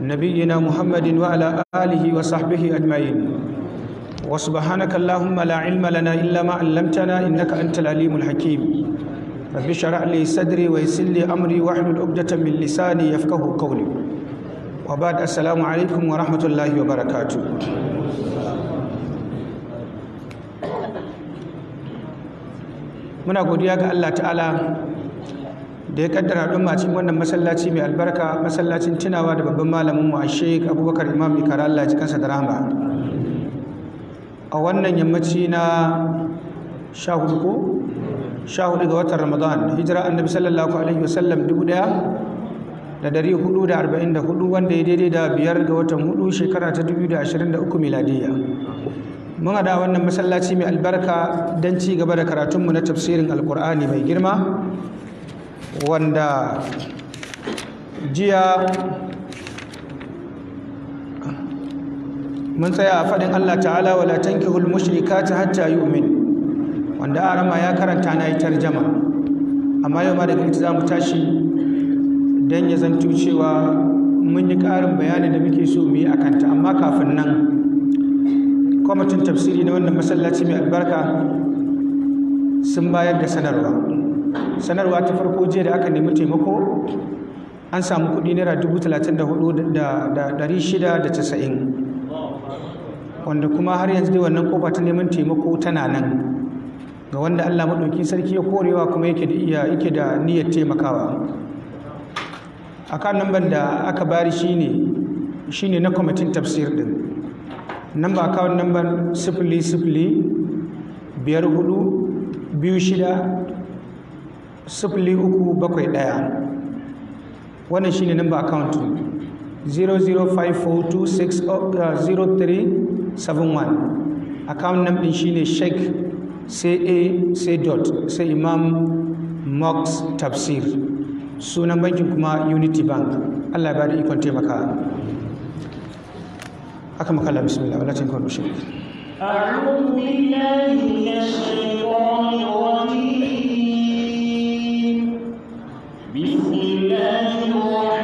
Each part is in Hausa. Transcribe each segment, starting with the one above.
نبينا محمد وعلى آله وصحبه أجمعين وسبحانك اللهم لا علم لنا إلا ما علمتنا إنك أنت العليم الحكيم رب اشرح لي صدري ويسر لي أمري واحلل عقدة من لساني يفقه قولي وبعد السلام عليكم ورحمة الله وبركاته muna godiya ga Allah ta'ala da ya kaddara al'umma cikin wannan masallaci mai albarka masallacin tunawa da babban malamin mu a sheik abubakar imam mai kara Allah kansa da rahama a wannan yammaci na sha hudu ko sha hudu ga watan ramadan hijira annabi sallallahu alaihi wasallam dubu daya da dari hudu da arba'in da hudu wanda ya daidai da biyar ga watan hudu shekara ta dubu da ashirin da uku miladiyya mun hada wannan masallaci mai albarka don ci gaba da karatunmu na tafsirin alkur'ani mai girma wanda jiya mun tsaya a faɗin Allah ta'ala wa wala tankihul ta hatta umin wanda arama ya karanta na yi tarjama amma yau ma da ita za mu tashi don ya zantu cewa mun yi ƙarin bayanin da muke so mu yi a kanta amma kafin nan kwamitin tafsiri na wannan masallaci mai albarka sun bayar da sanarwa sanarwa ta farko jiya da aka nemi taimako an samu kudi naira dubu da shida casa'in. wanda kuma har yanzu dai wannan kofa ta neman taimako tana nan ga wanda allah maɗauki sarki ya korewa kuma yake da iya yake da niyyar taimakawa kan namban da aka bari shine shine na kwamitin tafsir din namba akawun namban sifili sifili biyar hudu biyu shida sufuli uku bakwai wannan shine number account 00542600371 uh, account name din shine sheikh sai a sai dot sai imam mox tafsir sunan bankin kuma unity bank allah ya bada ikon taimaka aka makala bismillah wala tinkon shirk أعوذ بالله من الشيطان الرجيم الله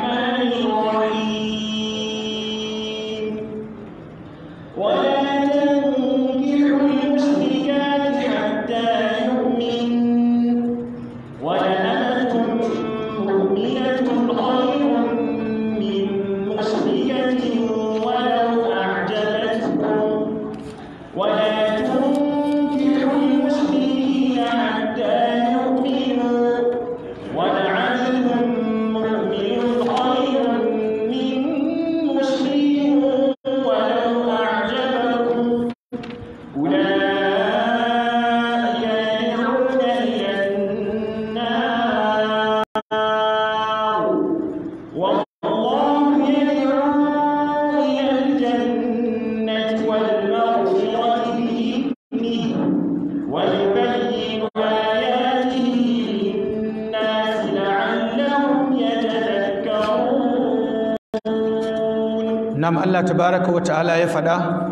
ya faɗa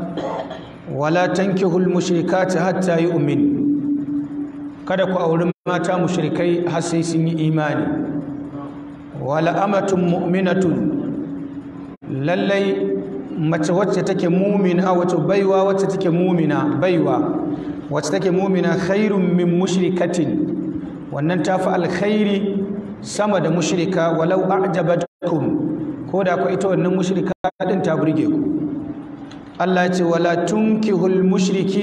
wala tankihul mushrikati hatta yu'min kada ku auri mata mushrikai har sai sun yi imani wala amatun mu'minatu lallai mace wacce take mumina wacce baiwa wacce take mumina baiwa wacce take mumina khairun min mushrikatin wannan ta fi alkhairi sama da mushrika walau a'jabatkum ko da ku ita wannan mushrika din ta burge ku Allah ce wala tunkihul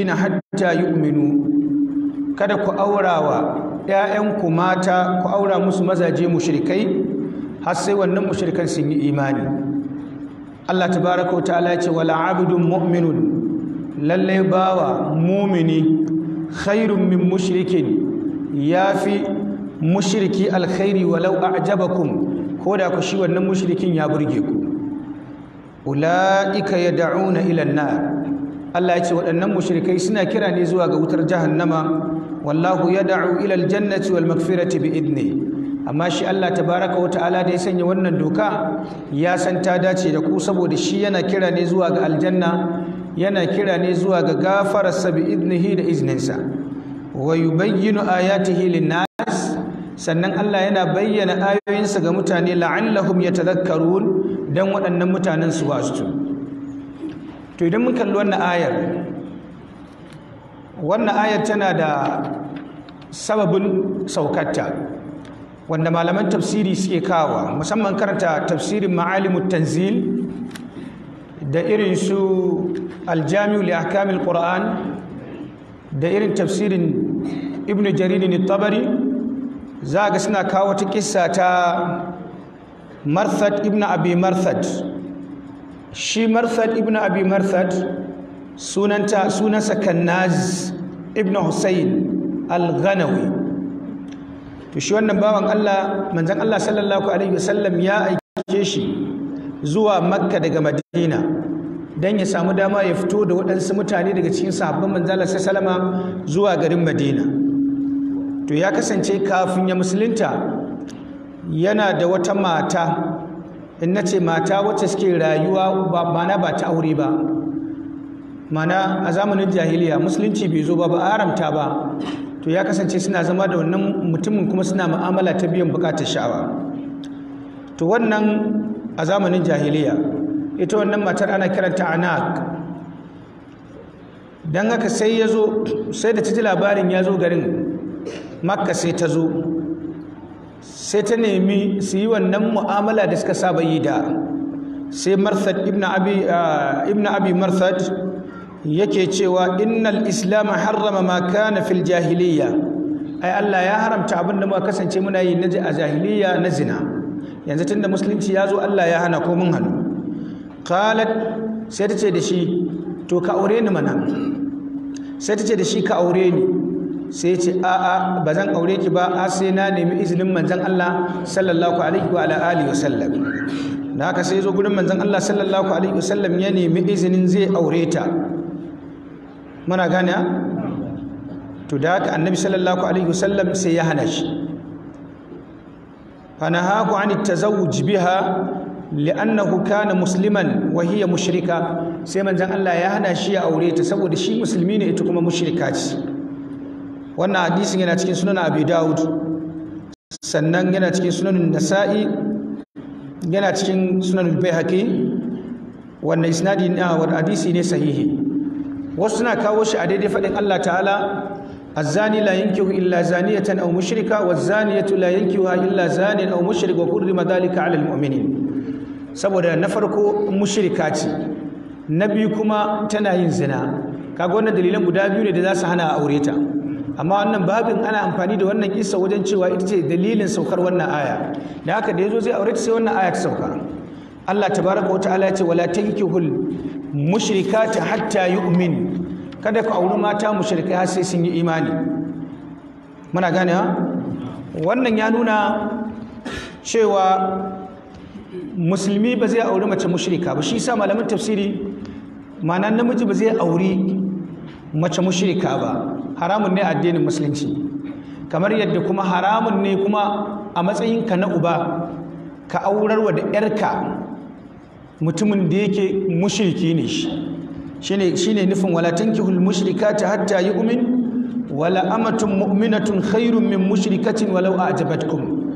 na hatta yu'minu kada ku aurawa 'ya'yanku mata ku aura musu mazaje mushrikai har sai wannan mushrikan sun yi imani Allah tabaraka wa ta'ala ce wala abdun mu'minun lalle bawa mumini khairun min mushrikin yafi mushriki alkhairi walau a'jabakum ko da ku shi wannan mushrikin ya burge ku ula'ika ya na ilan na Allah ya ce waɗannan mushrikai suna kira ne zuwa ga wutar jahannama wallahu ya da'u ilal jannati wal magfirati bi idni amma shi Allah ta baraka wata ala da ya sanya wannan doka ya san ta dace da ku saboda shi yana kira ne zuwa ga aljanna yana kira ne zuwa ga gafararsa bi idnihi da izninsa wa yubayyinu ayatihi lin sannan Allah yana bayyana ayoyinsa ga mutane la'allahum yatadhakkarun dan waɗannan mutanen su wasu to idan mun kalli wannan ayar wannan ayar tana da sababin saukarta wanda malaman tafsiri suke kawa musamman karanta tafsirin ma'alimut tanzil da irin su aljami'u li ahkamil qur'an da irin tafsirin ibnu jarir ne tabari za ga suna kawo wata kissa ta marthad ibn abi marthad shi marthad ibn abi marthad sunanta sunansa kannaz ibn husayn al-ghanawi to shi wannan bawan Allah manzon Allah sallallahu alaihi wasallam ya aike shi zuwa makka daga madina don ya samu dama ya fito da waɗansu mutane daga cikin sahabban manzon Allah sallallahu zuwa garin madina to ya kasance kafin ya musulunta yana da wata mata in na ce mata wacce suke rayuwa ba mana ba ta aure ba mana a zamanin jahiliya musulunci bai zo ba ba haramta ba to ya kasance suna zama da wannan mutumin kuma suna ma'amala ta biyan bukatar sha'awa to wannan a zamanin jahiliya ita wannan matar ana kiranta anak don haka sai ya sai da ta ji labarin ya zo garin makka sai ta zo sai ta nemi su yi wannan mu'amala da suka saba yi da sai marsad ibn abi ah, marsad yake cewa innal islam harrama ma kana fil jahiliya ai Allah ya haramta abin da muka kasance muna yi na a jahiliya na zina yanzu tunda musulunci ya zo Allah ya hana ko mun hannu qalat sai ta ce da shi to ka aure ni mana sai ta ce da shi ka aure ni sai ce a'a ba zan aure ki ba a sai na nemi izinin manzan Allah sallallahu alaihi wa alihi wa sallam da ka sai zo gurin manzan Allah sallallahu alaihi wa sallam ya nemi izinin zai aure ta muna gane to da ka annabi sallallahu alaihi wa sallam sai ya hana shi fanahaku an tazawuj biha li'annahu kana musliman wa hiya mushrika sai manzan Allah ya hana shi ya aure ta saboda shi musulmi ne ita kuma mushrika ce wannan hadisin yana cikin sunan abi daud sannan yana cikin sunan nasa'i yana cikin sunan bayhaqi wannan isnadi na ah, wani hadisi ne sahihi wasu suna kawo shi a daidai faɗin Allah ta'ala الزاني لا ينكح إلا زانية أو مشركة والزانية لا illa إلا زان أو wa وحرم ذلك على المؤمنين saboda na farko mushrika ce na biyu kuma tana yin zina kaga wannan dalilan guda biyu ne da za su hana aure ta amma wannan babin ana amfani da wannan isa wajen cewa ita ce dalilin saukar wannan aya da haka da ya zo zai aure ta sai wannan aya ta sauka Allah ta baraka wata ala ce wala tankihul ta hatta yu'min kada ka auri mata mushrika ya sai sun yi imani muna gane ha wannan ya nuna cewa musulmi ba zai auri mace mushrika ba shi yasa malamin tafsiri mana namiji ba zai auri mace mushrika ba haramun ne a addinin musulunci kamar yadda kuma haramun ne kuma a matsayinka na uba ka aurarwa da ƴarka mutumin da yake mushriki ne shi Shi ne nufin wala tankihul mushrikati hatta yu'min wala amatun mu'minatun khairun min mushrikatin walau a'jabatkum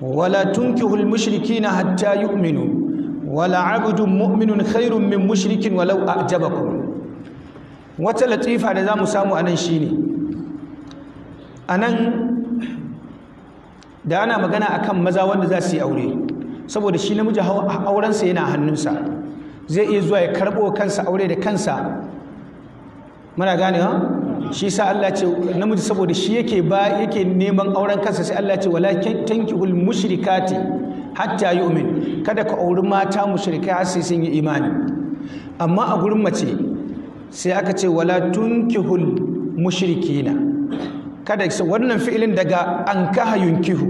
wala tunkihul mushrikina hatta yu'minu wala abdun mu'minun khairun min mushrikin walau a'jabakum wata latifa da zamu samu anan shine a nan da ana magana a kan maza wanda za su yi aure saboda shi namiji aurensa yana hannunsa zai iya zuwa ya karɓo kansa aure da kansa muna ganewa shi sa Allah ce namiji saboda shi yake ba yake neman auren kansa sai Allah ce wala tankihul mushrikati hatta yu'min kada ka auri mata mushrikai har sai sun yi imani amma a gurin mace sai aka ce wala tunkihul mushrikina kada su wannan fi'ilin daga ankaha yunkihu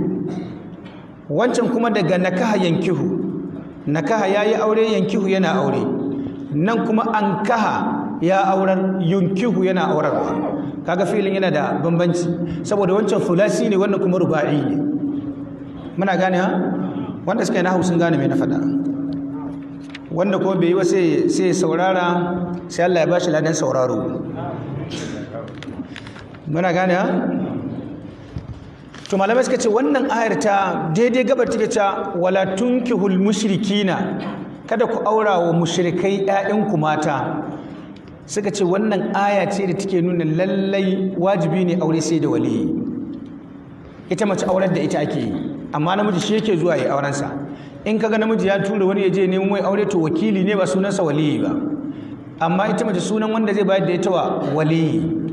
wancan kuma daga nakaha yankihu nakaha yi aure yankihu yana aure nan kuma ankaha ya aurar yunkihu yana aurarwa kaga filin yana da bambanci saboda wancan fulasi ne wannan kuma ruba'i ne muna gane ha wanda suka yi nahu sun gane me na faɗa wanda kuma bai yi wa sai saurara sai Allah ya bashi ladan sauraro muna gane ha to malamai suka ce wannan ayar ta daidai gabar take ta wala tunkihul mushrikina kada ku aura wa mushrikai ku mata suka ce wannan aya ce da take nuna lallai wajibi ne aure sai da waliyi ita mace aurar da ita ake yi amma namiji shi yake zuwa ya auren sa in kaga namiji ya tura wani ya je neman mai aure to wakili ne ba sunansa waliyi ba amma ita mace sunan wanda zai bayar da ita wa waliyi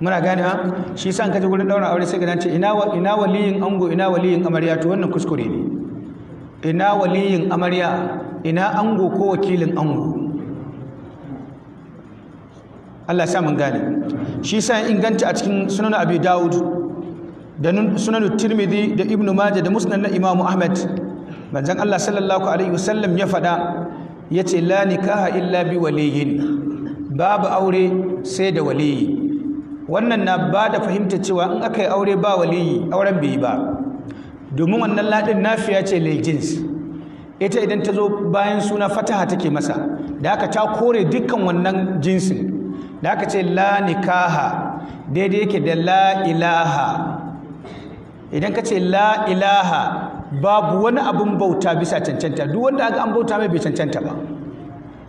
muna ganewa shi yasa an kaje gurin daura aure sai ga nace ina ina waliyin ango ina waliyin amarya to wannan kuskure ne ina waliyin amarya ina ango ko wakilin ango Allah ya sa mun gane shi yasa inganta a cikin sunan Abi Dawud da sunan Tirmidhi da Ibn Majah da Musnad na Imam Ahmad manzon Allah sallallahu alaihi wasallam ya fada yace la nikaha illa bi waliyin babu aure sai da waliyi wannan na ba da fahimta cewa in aka yi aure ba waliyi auren bai yi ba domin wannan ladin nafiya ce lil jins ita idan ta zo bayan suna fataha take masa da haka ta kore dukkan wannan jinsin da haka ce la nikaha daidai yake da la ilaha idan ka ce la ilaha babu wani abun bauta bisa cancanta duk wanda aka an bauta mai bai cancanta ba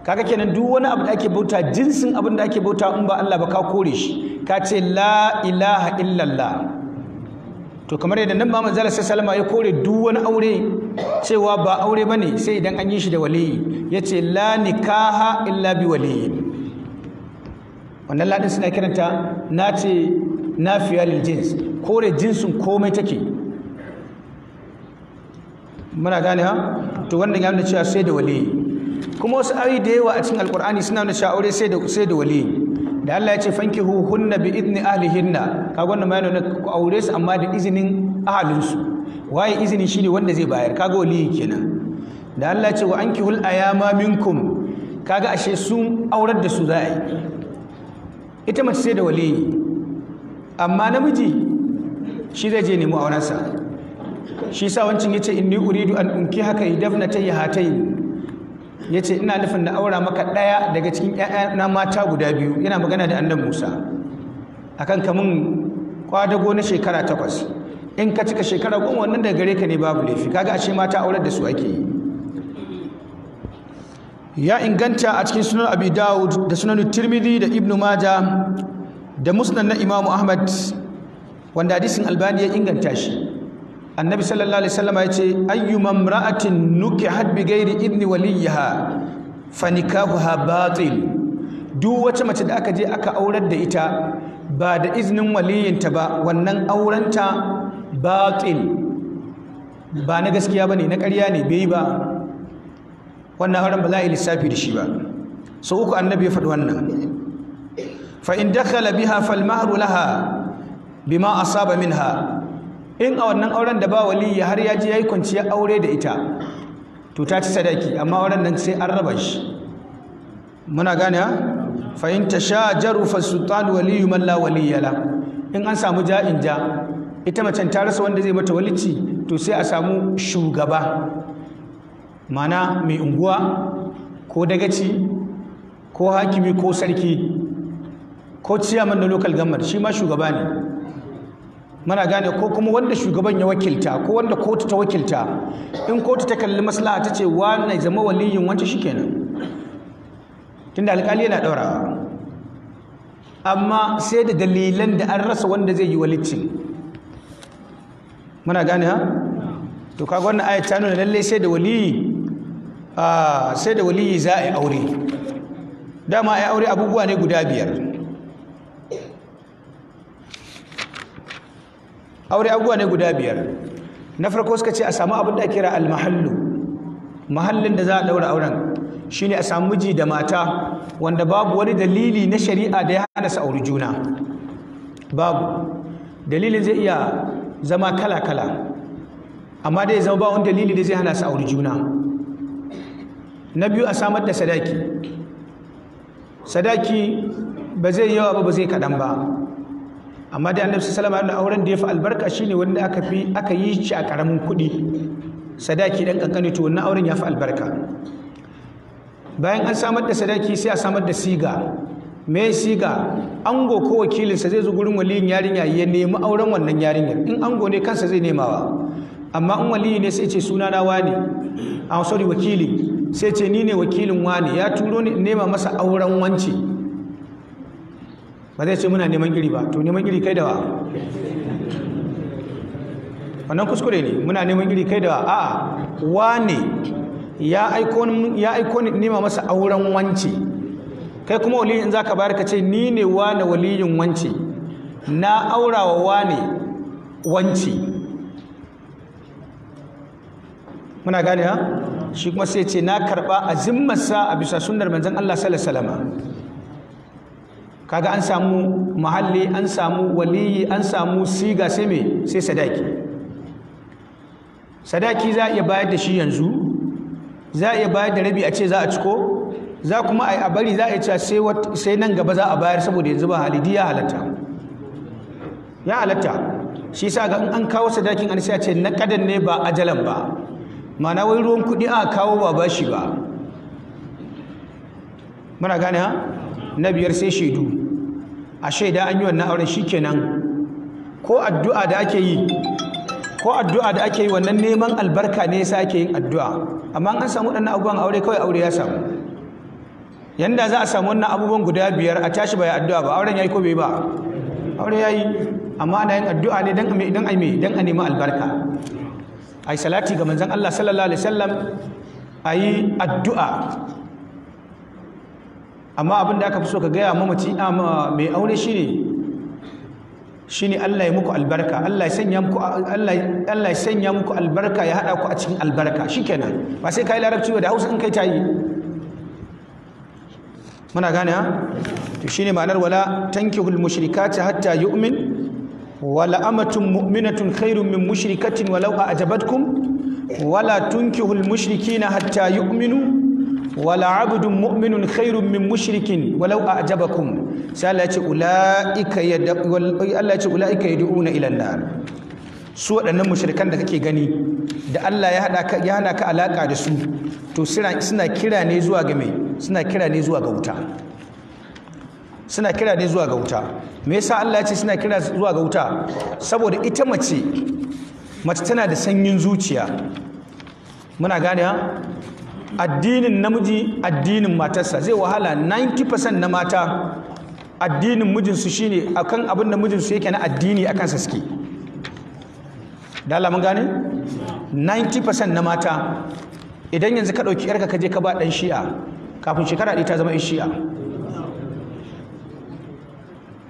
kaga kenan duk wani abu da ake bauta jinsin abin da ake bauta in ba Allah ba ka kore shi ka ce la ilaha illallah to kamar yadda nan ba manzala sai salama ya kore duk wani aure cewa ba aure bane sai idan an yi shi da waliyi ce la nikaha illa bi waliyi wannan ladin suna kiranta na na fiya lil jins kore jinsin komai take muna gane ha to wannan ya nuna cewa sai da waliyi kuma wasu ayi da yawa a cikin alkur'ani suna nuna cewa sai da sai da wali da Allah ya ce hu hunna bi idni ahlihinna kaga wannan ma yana nuna aure su amma da izinin su waye izinin shine wanda zai bayar kaga wali kenan da Allah ya ce wa ankihul ayama minkum kaga ashe sun aurar da su za a yi ita mace sai da wali amma namiji shi zai je nemi aurensa shi sa wancin yace inni uridu an unki haka idafna tayhatai ya ce ina nufin na aura maka ɗaya daga cikin na mata guda biyu yana magana da annan musa akan kamun kwadago na shekara takwas in ka cika shekara goma wannan da gare ka ne babu laifi kaga ashe mata aurar da su ake yi ya inganta a cikin sunan abi dawud da sunan tirmidhi da ibnu maja da musnad na imamu ahmad wanda hadisin albani ya inganta shi annabi sallallahu alaihi wasallam ya ce ayyuma imra'atin nukihat bi ghairi idni waliha fa nikahuha batil duk wata mace da aka je aka aurar da ita ba da iznin waliyinta ba wannan aurenta batil ba na gaskiya bane na ƙarya ne bai ba wannan auren ba za a yi lissafi da shi ba so uku annabi ya faɗi wannan fa in dakhala biha fal mahru laha bima asaba minha in a wannan auren da ba waliyi har ya ji ya yi kwanciyar aure da ita to ta ci sadaki amma auren nan sai an raba shi muna gane ha fa in tashajaru fa sultan waliyu man la waliyala in an samu ja'in ja ita macen ta rasa wanda zai mata walici to sai a samu shugaba mana mai unguwa ko dagaci ko hakimi ko sarki ko ciyaman na lokal government shi ma shugaba ne muna gane ko kuma wanda shugaban ya wakilta ko wanda kotu ta wakilta in kotu ta kalli maslaha ta ce wannan zama waliyin wancan shikenan tunda alkali yana daura amma sai da dalilan da an rasa wanda zai yi walicin muna gane ha to kaga wannan ayat ta nuna lalle sai da waliyi ah, sai da waliyi za a yi aure dama yi aure abubuwa ne guda biyar aure abubuwa ne guda biyar na farko suka ce a samu abin da kira almahallu mahallin da za a daura auren shine a samu miji da mata wanda babu wani dalili na shari'a da ya hana su auri juna babu dalilin zai iya zama kala-kala amma dai zama ba wani dalili da zai hana su auri juna na biyu a samar da sadaki sadaki ba zai yawa ba ba zai kaɗan ba amma dai annabi sallallahu alaihi auren da ya fi albarka shine wanda aka fi aka yi shi a karamin kuɗi sadaki dan kankani to wannan auren ya fi albarka bayan an samar da sadaki sai a samar da siga me siga ango ko wakilin sa zai zo gurin waliyin yarinya ya nemi auren wannan yarinya in ango ne kansa zai nemawa amma in waliyi ne sai ce suna na wane a ah, sorry wakili sai ce ni ne wakilin wane ya turo ni in nema masa auren wanci ba zai ce muna neman iri ba to neman iri kai da wa wannan kuskure ne muna neman iri kai da wa a wane ya aiko ya aiko nema masa auren wance kai kuma waliyin in ka bayar ka ce ni ne wane waliyin wance na aura wa wane wance muna gane ha shi kuma sai ce na karba a zimmarsa a bisa sunar manzan Allah sallallahu alaihi wasallam kaga an samu mahalli an samu waliyi an samu siga sai me sai sadaki sadaki za a iya bayar da shi yanzu za a iya bayar da rabi a ce za a ciko za kuma a bari za a iya cewa sai nan gaba za a bayar saboda yanzu ba halidi ya halatta ya halatta shi sa ga an kawo sadakin an sai a ce na kadan ne ba ajalan ba mana wai ruwan kuɗi a kawo ba bashi ba muna gane ha na biyar sai shaidu a shaida an yi wannan auren shikenan ko addu'a da ake yi ko addu'a da ake yi wannan neman albarka ne sa ake yin addu'a amma an samu waɗannan abubuwan aure kawai aure ya samu yanda za a samu wannan abubuwan guda biyar a tashi bai addu'a ba auren yayi ko bai ba aure yayi amma ana yin addu'a ne dan dan ai dan a nemi albarka ai salati ga manzon Allah sallallahu alaihi wasallam yi addu'a amma abin da aka fi so ka gaya mamaci ah, mai aure shine ne Allah ya muku albarka Allah ya sanya muku albarka ya hada ku a cikin albarka shi kenan ba sai ka yi larabci ba da Hausa in kai ta tayi muna gane ha to shi ne ma'anar wala tankihul ta hatta yi umin wala amatun mu'minatun khairun min mushrikatin walau a'jabatkum wala tunkihul na hatta yi yu'minu wala abdun mu'minun khairun min mushrikin walau a'jabakum sai Allah ya ce Allah ya ce ulaika su waɗannan mushrikan da kake gani da Allah ya hada ka ya hana ka alaka da su to suna kira ne zuwa ga mai suna kira ne zuwa ga wuta suna kira ne zuwa ga wuta me yasa Allah ya ce suna kira zuwa ga wuta saboda ita mace mace tana da sanyin zuciya muna gane ha addinin namiji addinin matarsa zai wahala 90% na mata addinin mijinsu shine kan abin da mijinsu yake na addini akan sa suke dala mun gane 90% na mata idan yanzu ka ɗauki yarka kaje je ka ba ɗan shi'a kafin shekara ɗaya ta zama in shi'a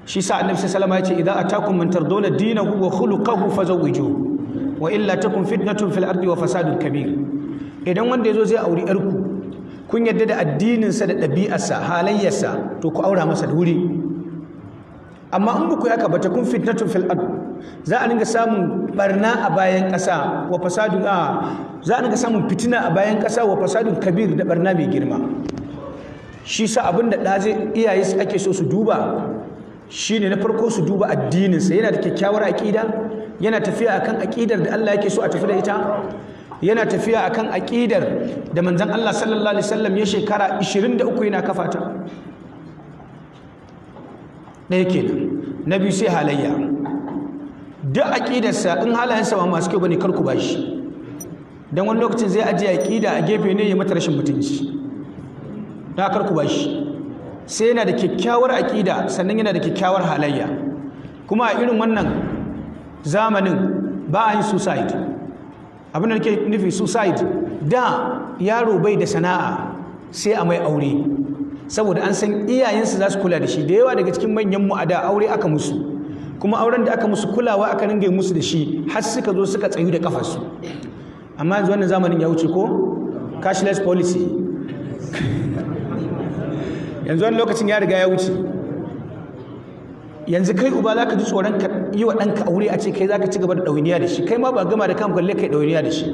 shi sa annabi sallallahu alaihi ya ce idan a atakum man tardawna dinahu wa khuluquhu fazawwiju wa illa takun fitnatun fil ardi wa fasadun kabir idan wanda ya zo zai auri yarku kun yadda da addininsa da ɗabi'arsa halayyarsa to ku aura masa da wuri amma in buku ka bata kun fitnatun fil ad za a dinga samun barna a bayan ƙasa wa fasadun a za a dinga samun fitina a bayan ƙasa wa fasadun kabir da barna mai girma shi sa abin da ɗa zai iyaye su ake so su duba shi ne na farko su duba addininsa yana da kyakkyawar aƙida yana tafiya akan aƙidar da Allah yake so a tafi da ita yana tafiya akan aƙidar da manzon Allah sallallahu alaihi wasallam ya shekara 23 yana kafata ɗaya kenan na biyu sai halayya duk aƙidarsa in halayensa ba masu kyau bane kar ku bashi don wani lokacin zai ajiye aƙida a gefe ne ya mata rashin mutunci na karku ku bashi sai yana da kyakkyawar aƙida sannan yana da kyakkyawar halayya kuma a irin wannan zamanin ba a yin suicide abin da ke nufi suicide da yaro bai da sana'a sai a mai aure saboda an san iyayensu za su kula da shi da yawa daga cikin manyan mu a da aure aka musu kuma auren da aka musu kulawa aka ringa musu da shi har suka zo suka tsayu da kafarsu amma yanzu wannan zamanin ya wuce ko cashless policy yanzu wani lokacin ya riga ya wuce yanzu kai uba zaka ji tsoron ka yi wa ɗanka aure a ce kai zaka ci gaba da ɗauniya da shi kai ma ba gama da kan gwalle kai ɗauniya da shi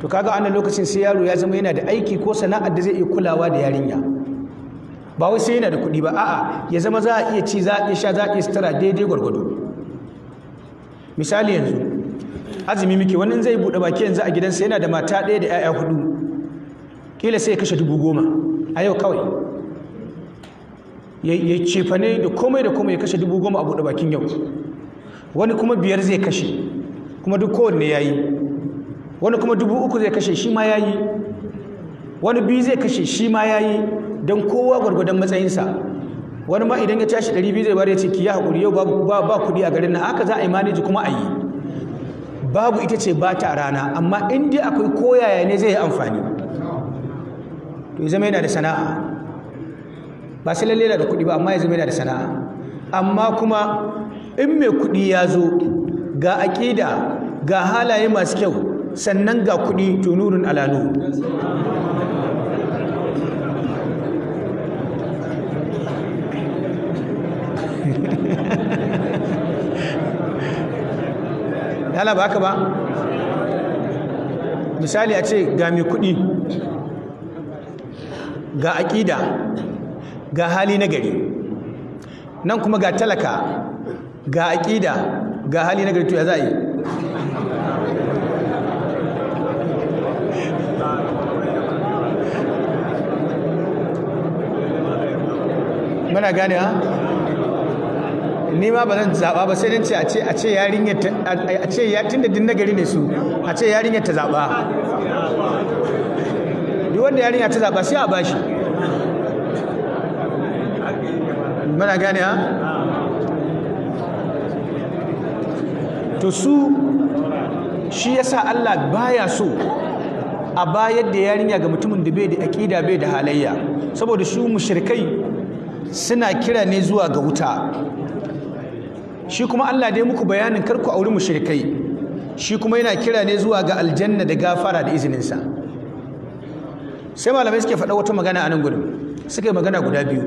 to kaga a lokacin sai yaro ya zama yana da aiki ko sana'ar da zai iya kulawa da yarinya ba wai sai yana da kuɗi ba a'a ya zama za a iya ci za a iya sha za a sutura daidai gwargwado misali yanzu azumi muke wannan zai buɗe baki yanzu a gidansa yana da mata ɗaya da 'ya'ya hudu kila sai ya kashe dubu goma a yau kawai ya cefane da komai da komai ya kashe dubu goma a buɗe bakin yau wani kuma biyar zai kashe kuma duk kowanne ya yi wani kuma dubu uku zai kashe shi ma ya yi wani biyu zai kashe shi ma ya yi don kowa gwargwadon matsayinsa wani ma idan ya tashi ɗari biyu zai bari ya ce ki ya haƙuri yau ba kuɗi a garin nan haka za a yi maniji kuma a yi babu ita ce ba ta rana amma in dai akwai koyaya ne zai yi amfani to zama yana da sana'a ba sai lalle da kuɗi ba amma ya zama yana da sana'a amma kuma in mai kuɗi ya zo ga aƙida ga halaye masu kyau sannan ga kuɗi to nurin alalu yana ba haka ba misali a ce ga mai kuɗi ga aƙida ga hali na gari nan kuma ga talaka ga aƙida ga hali na gari to ya za a yi muna gane ha nima ba zan zaɓa ba sai ce a ce a ce yarinyar ya din nagari ne su a ce yarin ta zaɓa duk wanda yarinya ta zaɓa sai a bashi muna gane ha to su shi yasa Allah baya so a bayar da yarinya ga mutumin da bai da aƙida bai da halayya saboda su mushrikai suna kira ne zuwa ga wuta shi kuma Allah dai muku bayanin kar ku auri mushrikai shi kuma yana kira ne zuwa ga aljanna da gafara da izininsa sai malamai suke faɗa wata magana a nan gudun suka yi magana guda biyu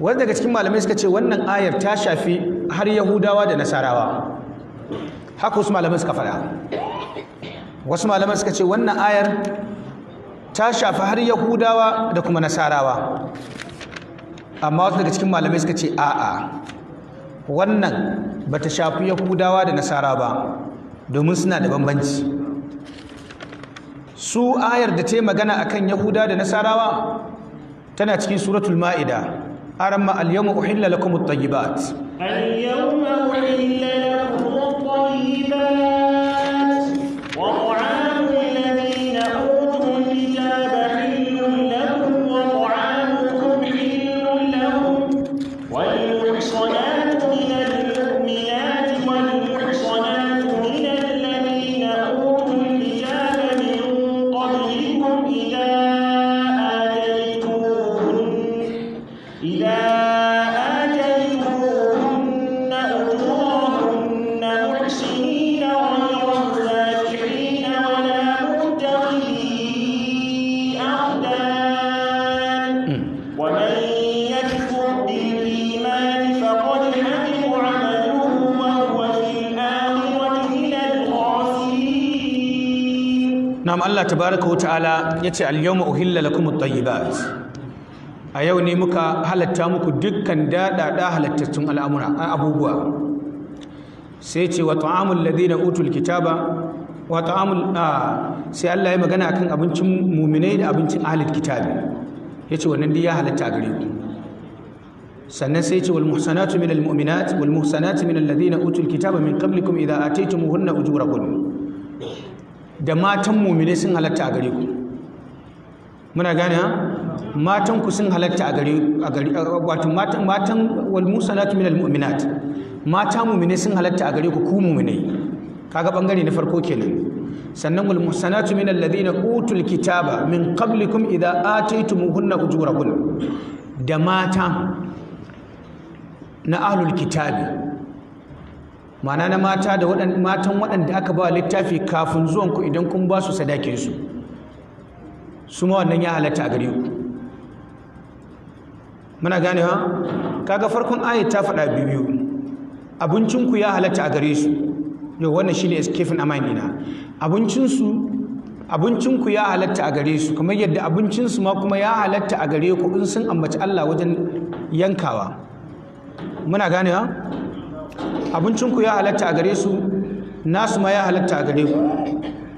wani daga cikin malamai suka ce wannan ayar ta shafi har yahudawa da nasarawa haka wasu malamai suka fada wasu malamai suka ce wannan ayar ta shafi har yahudawa da kuma nasarawa amma wasu daga cikin malamai suka ce a'a wannan bata shafi yahudawa da nasara ba domin suna da bambanci su ayar da ta yi magana akan yahuda da nasarawa tana cikin suratul ma'ida أرما اليوم أحل لكم الطيبات اليوم أحل لكم Allah tabaraka wa ta'ala yace al-yawma uhilla lakum at-tayyibat a yau ne muka halatta muku dukkan daɗaɗa halattattun al'amura abubuwa sai ce wa ta'amul ladina utul kitaba wa ta'amul sai Allah ya magana akan abincin muminai da abincin ahlul kitabi yace wannan dai ya halatta gare ku sannan sai ce wal muhsanatu min al mu'minat wal muhsanatu min alladhina utul kitaba min qablikum idha ataytumuhunna ujurahun da matan mumine sun halatta a gare ku muna gane ha matan ku sun halatta a gare wato matan matan wal musalatu minal mu'minat mata mumine sun halatta a gare ku ku mumine kaga bangare na farko kenan sannan wal muhsanatu minal ladina utul kitaba min qablikum idza ataytumuhunna ujurahun da mata na ahlul kitabi mana na mata da matan waɗanda aka ba littafi kafin zuwanku idan kun ba su sadakin su su ma wannan ya halatta a gare ku muna ha kaga farkon ayat ta faɗa biyu ku ya halatta a gare su yo wannan shine abincin su abincin ku ya halatta a gare su kamar yadda abincin su ma kuma ya halatta a gare ku in sun ambaci Allah wajen yankawa muna ha abincinku ya halatta a gare su nasu ma ya halatta a gare ku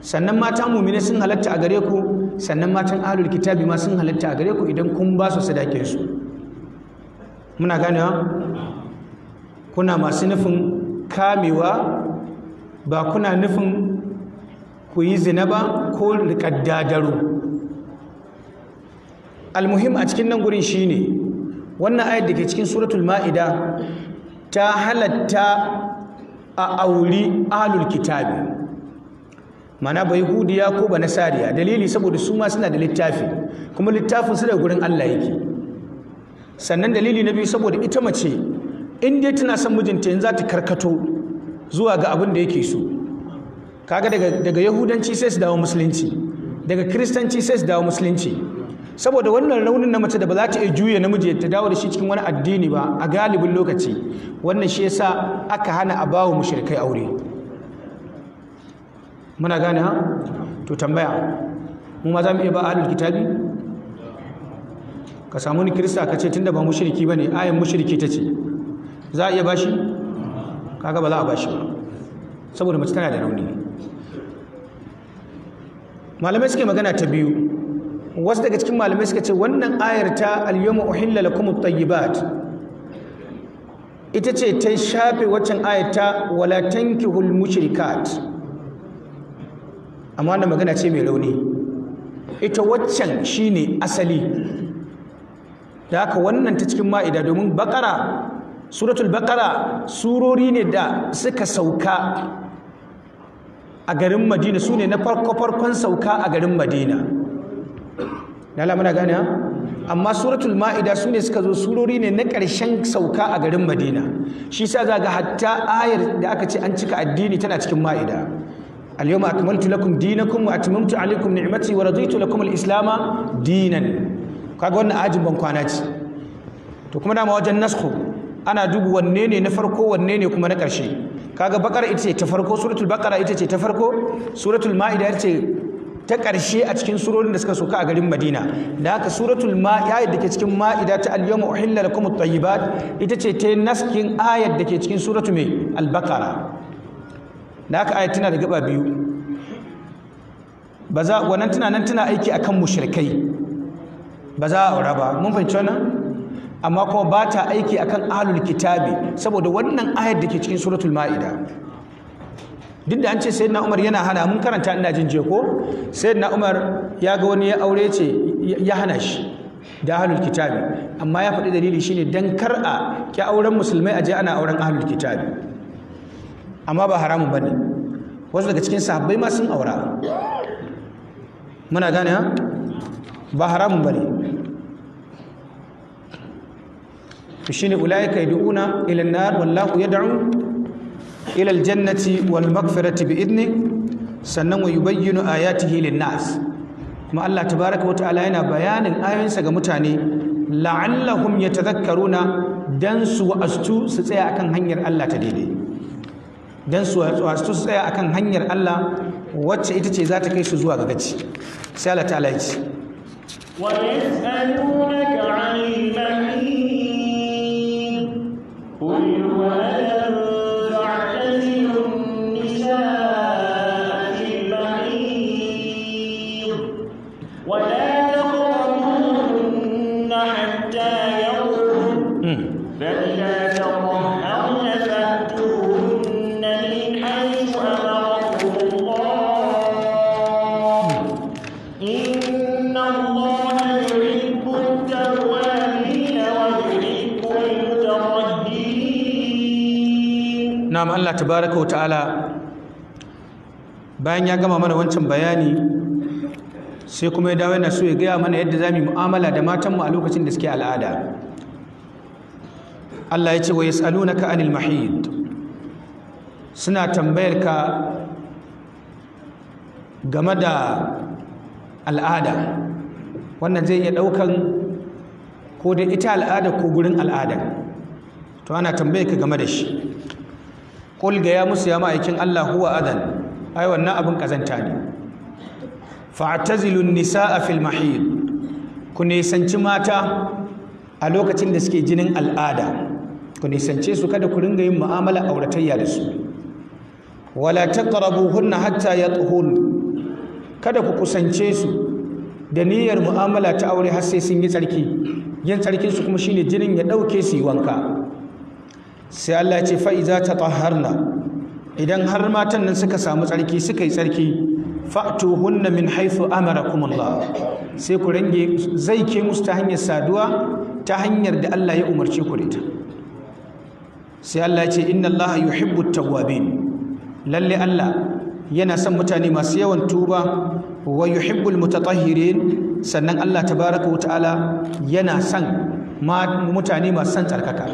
sannan matan mumine sun halatta a gare ku sannan matan alul kitabi ma sun halatta a gare ku idan kun ba su sadakin su muna ganewa kuna masu nufin kamewa ba kuna nufin ku yi zina ba ko kaddadaru? almuhim a cikin nan gurin shine wannan ayat da ke cikin suratul ma'ida ta halatta a auri ahlul kitabi mana bai hudiya ko ba na nasariya dalili saboda su ma suna da littafi kuma littafin su da gurin Allah yake sannan dalili na biyu saboda ita mace in dai tana son mijinta yanzu za ta karkato zuwa ga abin da yake so kaga daga daga yahudanci sai su dawo musulunci daga Kiristanci sai su dawo musulunci saboda wannan raunin na mace da ba za ta iya juya namiji ta dawo da shi cikin wani addini ba a galibin lokaci wannan shi yasa aka hana a bawo mushrikai aure muna gane ha to tambaya mu ma za mu iya ba ahlul kitabi ka samu ni kirista ka ce tunda ba mushriki bane ayan mushriki ta ce za a iya bashi kaga ba za a bashi ba saboda mace tana da rauni malamai suke magana ta biyu wasu daga cikin malamai suka ce wannan ayar ta al-yawma uhilla lakum at-tayyibat ita ce ta shafe waccan ayar ta wala tankihul mushrikat amma wannan magana ce mai rauni ita waccan shine asali da haka wannan ta cikin ma'ida domin bakara suratul bakara surori ne da suka sauka a garin madina su ne na farko-farkon sauka a garin madina da Allah muna gane amma suratul ma'ida sune suka zo surori ne na ƙarshen sauka a garin Madina shi yasa zaga hatta ayar da aka ce an cika addini tana cikin ma'ida al-yawma akmaltu lakum dinakum wa atmamtu alaykum ni'mati wa raditu lakum al-islam dinan kaga wannan ajin ban kwana ce to kuma dama wajen naskhu ana dubu wanne ne na farko wanne ne kuma na ƙarshe kaga bakara ita ce ta farko suratul bakara ita ce ta farko suratul ma'ida ita ce ta ƙarshe a cikin surorin da suka soka a garin Madina da haka suratul ma'ida da ke cikin ma'ida ta al-yawma uhilla lakum tayyibat ita ce ta naskin ayar da ke cikin suratul mai albakara da haka ayar tana da gaba biyu ba za wannan tana nan tana aiki akan mushirkai ba za a aura ba mun fahimci wannan amma kuma ba ta aiki akan ahalul kitabi saboda wannan ayar da ke cikin suratul ma'ida duk da an ce sayyidina Umar yana hana mun karanta ina jin jeko ko sayyidina Umar ya ga wani ya aure ce ya hana shi da ahlul kitabi amma ya faɗi dalili shine dan kar a ki auren musulmai aje ana auren ahlul kitabi amma ba haramun bane wasu daga cikin sahabbai ma sun aura muna gane ba haramun bane shine ulaika yad'una ila an-nar wallahu yad'u ilal jannati wal maghfirati bi idni sannan wa yubayyinu ayatihi lin nas kuma Allah tabaraka wa ta'ala yana bayanin ayoyinsa ga mutane la'allahum yatadhakkaruna dan su wa'astu su tsaya akan hanyar Allah ta daidai dan su wa'astu su tsaya akan hanyar Allah wacce ita ce za ta kai su zuwa ga gaci sai Allah ta'ala ya ce ويسألونك عن المحيط قل هو Allah tabaraka wa ta'ala bayan ya gama mana wancan bayani sai kuma ya dawo yana so ya gaya mana yadda za mu mu'amala da matanmu a lokacin da suke al'ada Allah ya ce wa yas'alunaka anil mahid suna tambayar ka game da al'ada wannan zai iya ɗaukan ko da ita al'ada ko gurin al'ada to ana tambayar ka game da shi qul ga ya musu ya ma'aikin Allah huwa adan ai wannan abin kazanta ne fa'tazilun nisaa fil mahid ku nisanci mata a lokacin da suke jinin al'ada ku nisance su kada ku ringa yin mu'amala auratayya da su wala taqrabuhunna hatta yatuhun kada ku kusance su da niyyar mu'amala ta aure har sai sun yi tsarki yin tsarkin su kuma shine jinin ya dauke su yi wanka sai Allah ce fa'iza ta tatahharna idan har matan nan suka samu tsarki suka yi tsarki hunna min amara amarakumullah sai ku range zai ke musu ta hanyar saduwa ta hanyar da Allah ya umarci ku rita. sai Allah ya ce inna Allah yuhibbut tawwabin lalle Allah yana son mutane masu yawan tuba wa yuhibbul mutatahhirin sannan Allah tabaraka wa ta'ala yana son mutane masu son tsarkaka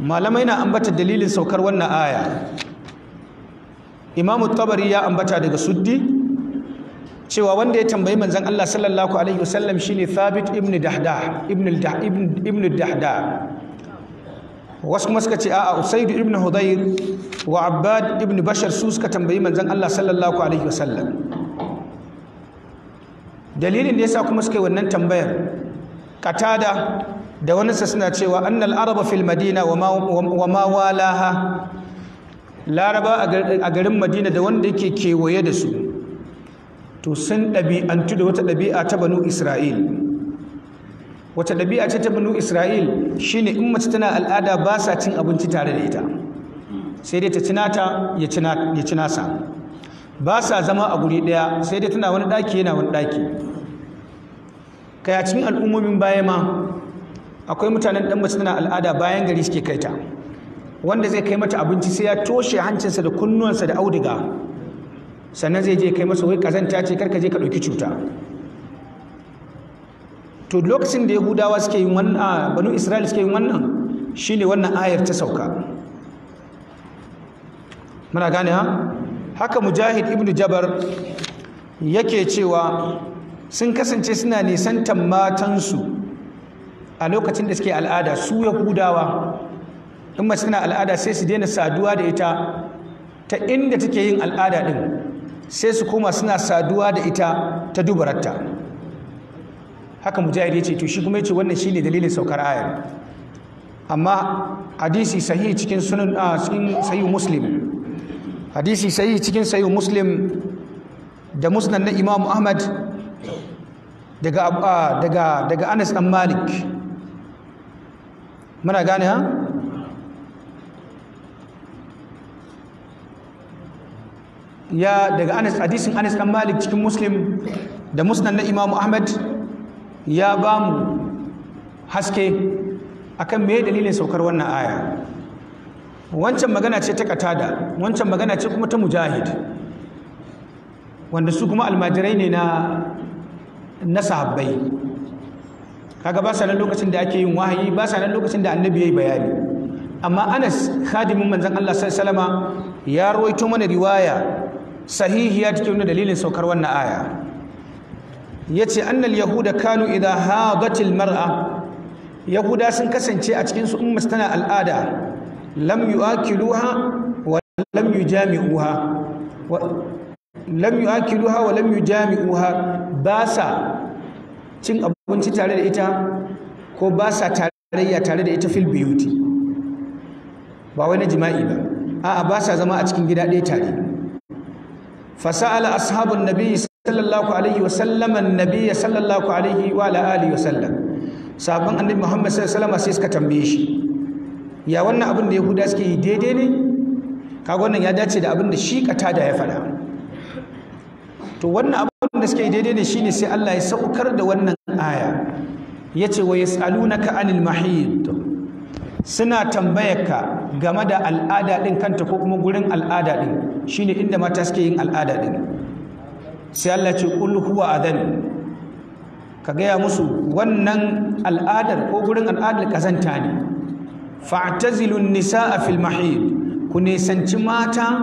malamai na ambata dalilin saukar wannan aya imamu tabari ya ambata daga suddi cewa wanda ya tambayi manzan Allah sallallahu alaihi wasallam shine Thabit ibn Dahda ibn Dahda wasu kuma suka ce a'a Usaid ibn Hudayr wa Abbad ibn Bashar su suka tambayi manzan Allah sallallahu alaihi wasallam dalilin da yasa kuma suka yi wannan tambayar katada da wani sa suna cewa annal araba fil madina wa ma walaha laraba a garin madina da wanda yake kewaye da su to sun ɗabi'antu da wata ɗabi'a ta banu isra'il wata ɗabi'a ce ta banu isra'il shine in mace tana al'ada ba sa cin abinci tare da ita sai dai ta cina ta ya cina sa ba sa zama a guri ɗaya sai dai tana wani ɗaki yana wani ɗaki kayacin al'ummomin baya ma akwai mutanen dan mace tana al'ada bayan gari suke kai ta. wanda zai kai mata abinci sai ya toshe hancinsa da kunnuwansa da auduga sannan zai je kai masa wai kazanta ce karka je ka ɗauki cuta to lokacin da yahudawa suke yin wannan banu isra'il suke yin wannan shine wannan ayar ta sauka muna gane ha haka mujahid ibnu jabar yake cewa sun kasance suna nisantan matansu a lokacin da suke al'ada su yahudawa in mace suna al'ada sai su daina saduwa da ita ta inda take yin al'ada din sai su koma suna saduwa da ita ta dubararta haka mujahid ya ce to shi kuma ya ce wannan shine dalilin saukar ayar amma hadisi sahihi cikin sunan a cikin sahihu muslim hadisi sahihi cikin sahihu muslim da musnad na imam ahmad daga daga daga anas dan malik muna gane ha ya daga anas hadisin anas dan malik cikin muslim da musnad na imamu ahmad ya ba mu haske akan me dalilin saukar wannan aya wancan magana ce ta katada wancan magana ce kuma ta mujahid wanda su kuma almajirai ne na sahabbai kaga ba sa nan lokacin da ake yin wahayi ba sa nan lokacin da annabi yi bayani amma Anas khadimin manzon Allah sallallahu alaihi ya rawaito mana riwaya sahihiya take nuna dalilin saukar wannan aya yace annal yahuda kanu idha hadatil mar'a yahuda sun kasance a cikin su ummas tana al'ada lam yuakiluha wa lam yujami'uha wa lam yuakiluha wa lam yujami'uha ba sa cin abinci tare da ita ko ba sa tarayya tare da ita fil biyuti ba wai na jima'i ba a'a ba sa zama a cikin gida ɗaya tare fasa'ala ashabun nabi sallallahu alaihi wa sallam annabi sallallahu alaihi wa ala alihi wa sallam sabon annabi muhammad sallallahu alaihi wa sallam sai suka tambaye shi ya wannan abin da yahuda suke yi daidai ne kaga wannan ya dace da abin da shi da ya faɗa to wannan da suke daidai da shi ne sai Allah ya saukar da wannan aya ya ce wa yas'alunaka anil mahid suna tambayarka game da al'ada din kanta ko kuma gurin al'ada din shine inda mata suke yin al'ada din sai Allah ce qul huwa adan ka gaya musu wannan al'adar ko gurin al'adar kazanta ne fa'tazilun nisaa fil mahid ku nisanci mata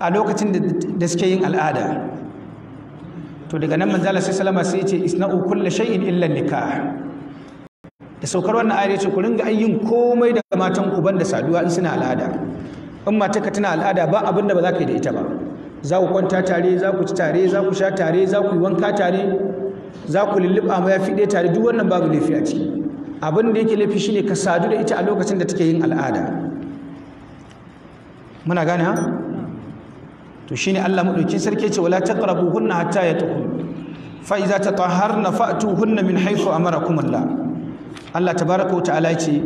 a lokacin da suke yin al'ada to daga nan manzala sai salama sai ce isna'u kulla shay'in illa nikah da saukar wannan ayar ce ku ringa yin komai da matan uban da saduwa in suna al'ada in matarka tana al'ada ba abin da ba za ka yi da ita ba za ku kwanta tare za ku ci tare za ku sha tare za ku yi wanka tare za ku lulluɓa ma ya fi ɗaya tare duk wannan babu laifi a ciki abin da yake laifi shine ka sadu da ita a lokacin da take yin al'ada muna gane ha to shine Allah madaukin sarki ce wala hunna hatta yatahun fa na tatahharna hunna min haythu amarakum Allah Allah tabaaraka ta'ala ce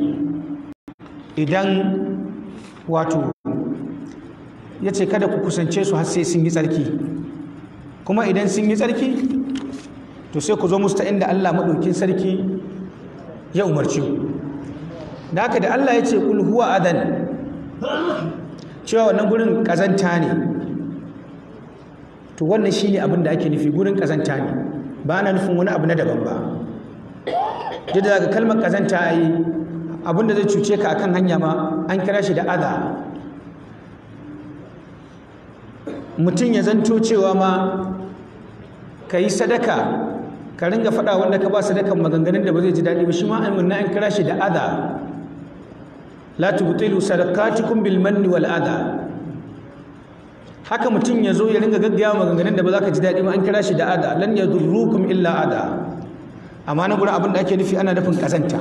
idan wato yace kada ku kusance su har sai sun yi tsarki kuma idan sun yi tsarki to sai ku zo musta inda Allah madaukin sarki ya umarci ku da haka da Allah ya ce kul huwa adan cewa wannan gurin kazanta ne to wannan shi abin da ake nufi gurin kazanta ne ba na nufin wani abu na daban ba duk da daga kalmar kazanta a yi abin zai cuce ka akan hanya ma an kira shi da adha mutum ya zanto cewa ma ka yi sadaka ka ringa faɗa wanda ka ba sadakan maganganun da ba zai ji daɗi ba shi ma an munna an kira shi da adha la tubtilu sadaqatukum bil manni wal adha haka mutum ya zo ya ringa gaggawa maganganun da ba za ka ji daɗi ba an kira shi da ada lan ya durrukum illa ada amma na gura abin da ake nufi ana nufin kazanta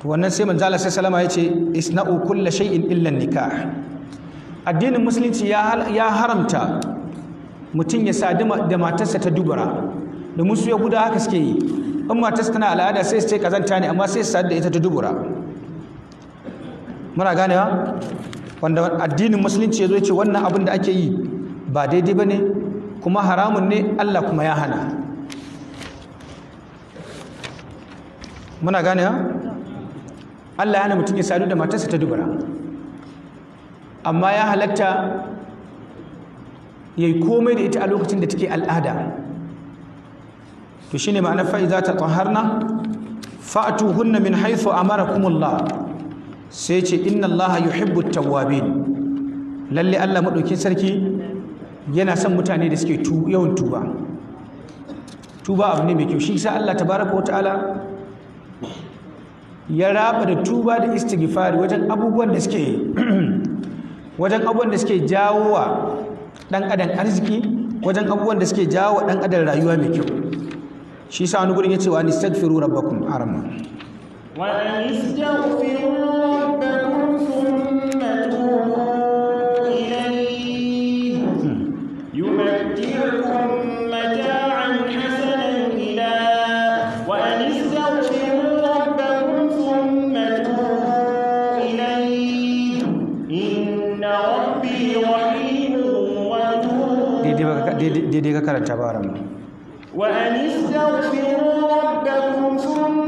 to wannan sai manzo Allah sallallahu ya ce isna'u kulla shay'in illa nikah addinin musulunci ya haramta mutum ya sadu da matarsa ta dubara musu ya guda haka suke yi in matarsa tana al'ada sai su ce kazanta ne amma sai su sadu da ita ta dubara. muna ganewa wanda addinin musulunci ya zo ce wannan abin da ake yi ba daidai ba ne kuma haramun ne Allah kuma ya hana muna gane ha Allah ya hana mutum ya sadu da matarsa ta dubara amma ya halatta ya yi komai da ita a lokacin da take al'ada to shine ma'anar za ta tsaharna hunna min haithu amarakumullah sai ce inna allaha yuhibbu tawwabin lalle Allah madaukin sarki yana son mutane da suke yawan tuba tuba abu ne mai kyau shi sa Allah tabaraka wataala ya raba da tuba da istighfari wajen abubuwan da suke wajen abubuwan da suke jawo wa dan adam arziki wajen abubuwan da suke jawo wa dan adam rayuwa mai kyau shi sa wani gurin ya ce wa nistaghfiru rabbakum arama وأن استغفروا ربكم ثم إليه يمتعكم متاعا حسنا إلى وأن استغفروا ربكم ثم إليه إن ربي رحيم وأن استغفروا ربكم ثم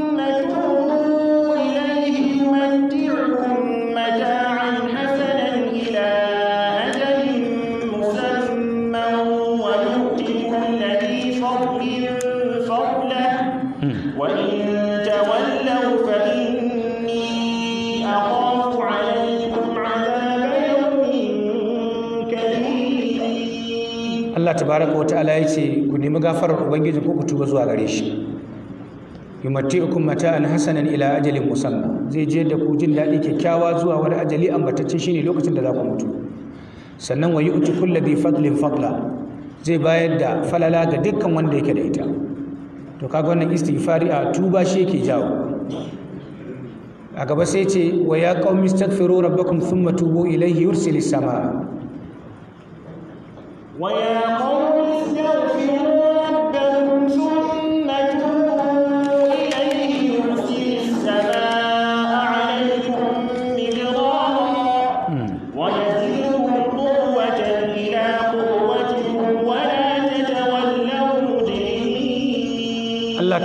tabaraka wa ta'ala ya ce ku nemi gafarar ubangiji ko ku tuba zuwa gare shi yumati'ukum mata'an hasanan ila ajalin musamma zai je da ku jin daɗi kyakkyawa zuwa wani ajali ambatacce shine lokacin da za ku mutu sannan wa yu'ti kulli fadlin fadla zai bayar da falala ga dukkan wanda yake da ita to kaga wannan istighfari a tuba shi yake jawo a gaba sai ce wa ya qaumi astaghfiru rabbakum thumma tubu ilayhi yursilis samaa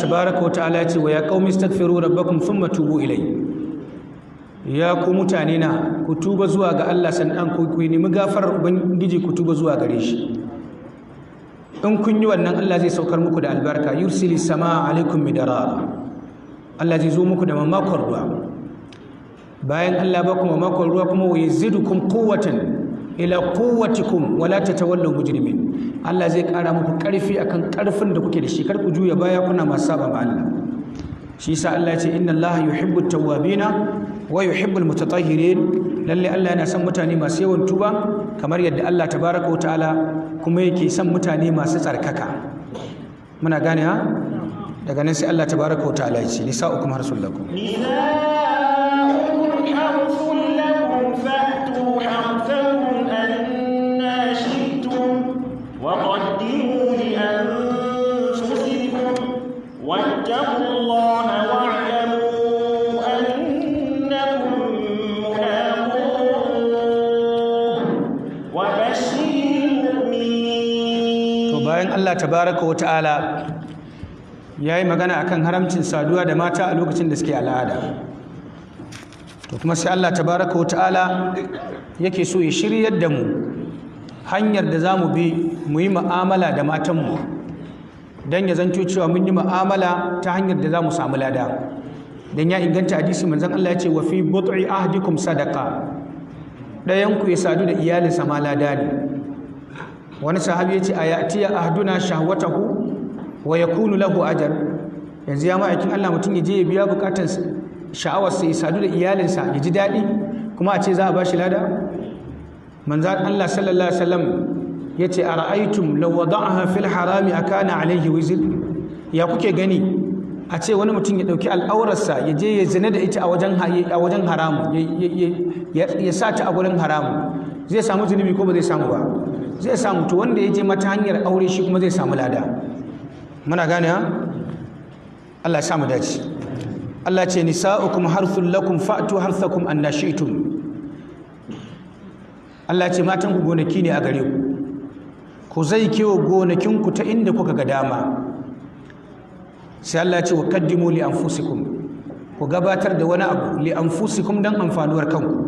tabaraka wata'ala ce wa ya kawo mistakfiru rabbakun sun matubu ilai ya ku mutane na ku tuba zuwa ga Allah sannan ku nemi gafarar ubangiji ku tuba zuwa gare shi in kun yi wannan Allah zai saukar muku da albarka yursili sama alaikum midarara Allah zai zo muku da mamakon ruwa bayan Allah ba kuma mamakon ruwa kuma wa yazidukum quwwatan ila quwwatikum wala tatawallu mujrimin Allah zai kara muku karfi akan karfin da kuke da shi kar ku juya baya kuna masu saba ma Allah shi yasa Allah ya ce inna Allah yuhibbu tawwabina wa al mutatahhirin lalle Allah yana son mutane masu yawan tuba kamar yadda Allah tabaraka wa ta'ala kuma yake son mutane masu tsarkaka muna gane ha daga nan sai Allah tabaraka wa ta'ala ya ce nisa'ukum harsul lakum bayan Allah tabaraka wa ta'ala ya yi magana akan haramcin saduwa da mata a lokacin da suke al'ada to kuma sai Allah tabaraka wa ta'ala yake so ya shiryar da mu hanyar da za mu bi mu yi ma'amala da matanmu don ya zanto cewa mun yi ma'amala ta hanyar da za mu samu lada don ya inganta hadisi manzon Allah ya ce wa fi bud'i ahdikum sadaqa ɗayanku ya sadu da iyalinsa ma lada ne wani sahabi ya ce a ya'tiya ahduna shahwatahu wa yakunu lahu ajr yanzu ya ma'aikin Allah mutum ya je ya biya bukatun sha'awarsa ya sadu da iyalinsa ya ji daɗi kuma a ce za a ba shi lada manzan Allah sallallahu alaihi wasallam ya ce a law wada'aha fil harami akana alaihi wizr ya kuke gani a ce wani mutum ya ɗauki al'aurarsa ya je ya zina da ita a wajen haramu ya sa ta a gurin haramu zai samu zunubi ko ba zai samu ba zai samu to wanda ya je mata hanyar aure shi kuma zai samu lada muna gane ha Allah ya samu dace Allah ce nisa'ukum harthul lakum fa'tu harthakum an nashitum Allah ce matan ku gonaki ne a gare ku ku zai kiwo gonakin ku ta inda kuka ga dama sai Allah ce wa kaddimu li anfusikum ku gabatar da wani abu li anfusikum dan amfanuwar kanku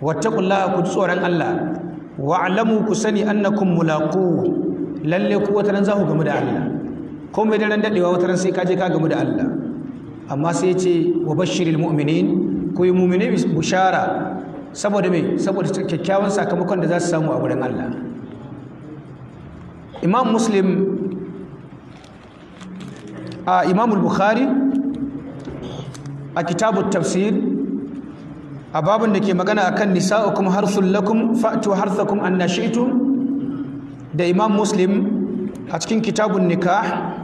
wattaqullaha ku ji tsoron Allah alamu ku sani annakum mulaqu lalle ku wata ran za ku gamu da Allah ko mai ran dadewa wata ran sai ka je ka gamu da Allah amma sai ya ce wa bashiril mu'minin ku yi mu'mine bushara saboda me saboda kyakkyawan sakamakon da za su samu a wurin Allah imam muslim a imam bukhari a kitabu tafsir a babin da ke magana akan nisa'ukum harsul lakum fa'tu harthakum anna shi'tum da imam muslim a cikin kitabun nikah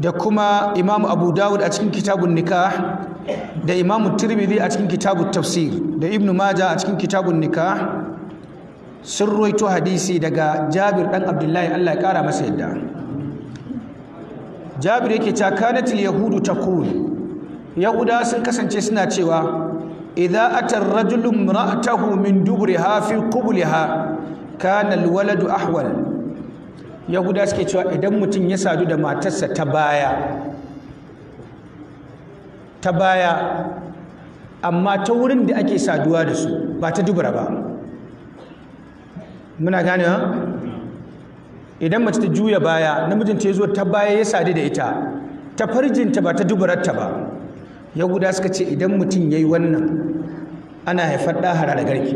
da kuma imam abu dawud a cikin kitabun nikah da imam tirmidhi a cikin kitabun tafsir da ibnu majah a cikin kitabun nikah sun roito hadisi daga jabir dan abdullahi allah ya kara masa yadda jabir yake ta kanatil yahudu taqul yahuda sun kasance suna cewa idza atar rajulu imra'atahu min dubriha fi qubliha kana alwaladu ahwal yahuda suke cewa idan mutum ya sadu da matarsa ta baya ta baya amma ta wurin da ake saduwa da su ba ta dubura ba muna gane idan mace ta juya baya namijinta ya zo ta baya ya sadu da ita ta farjinta ba ta duburarta ba yahuda suka ce idan mutum ya yi wannan ana haifar ɗahara da garki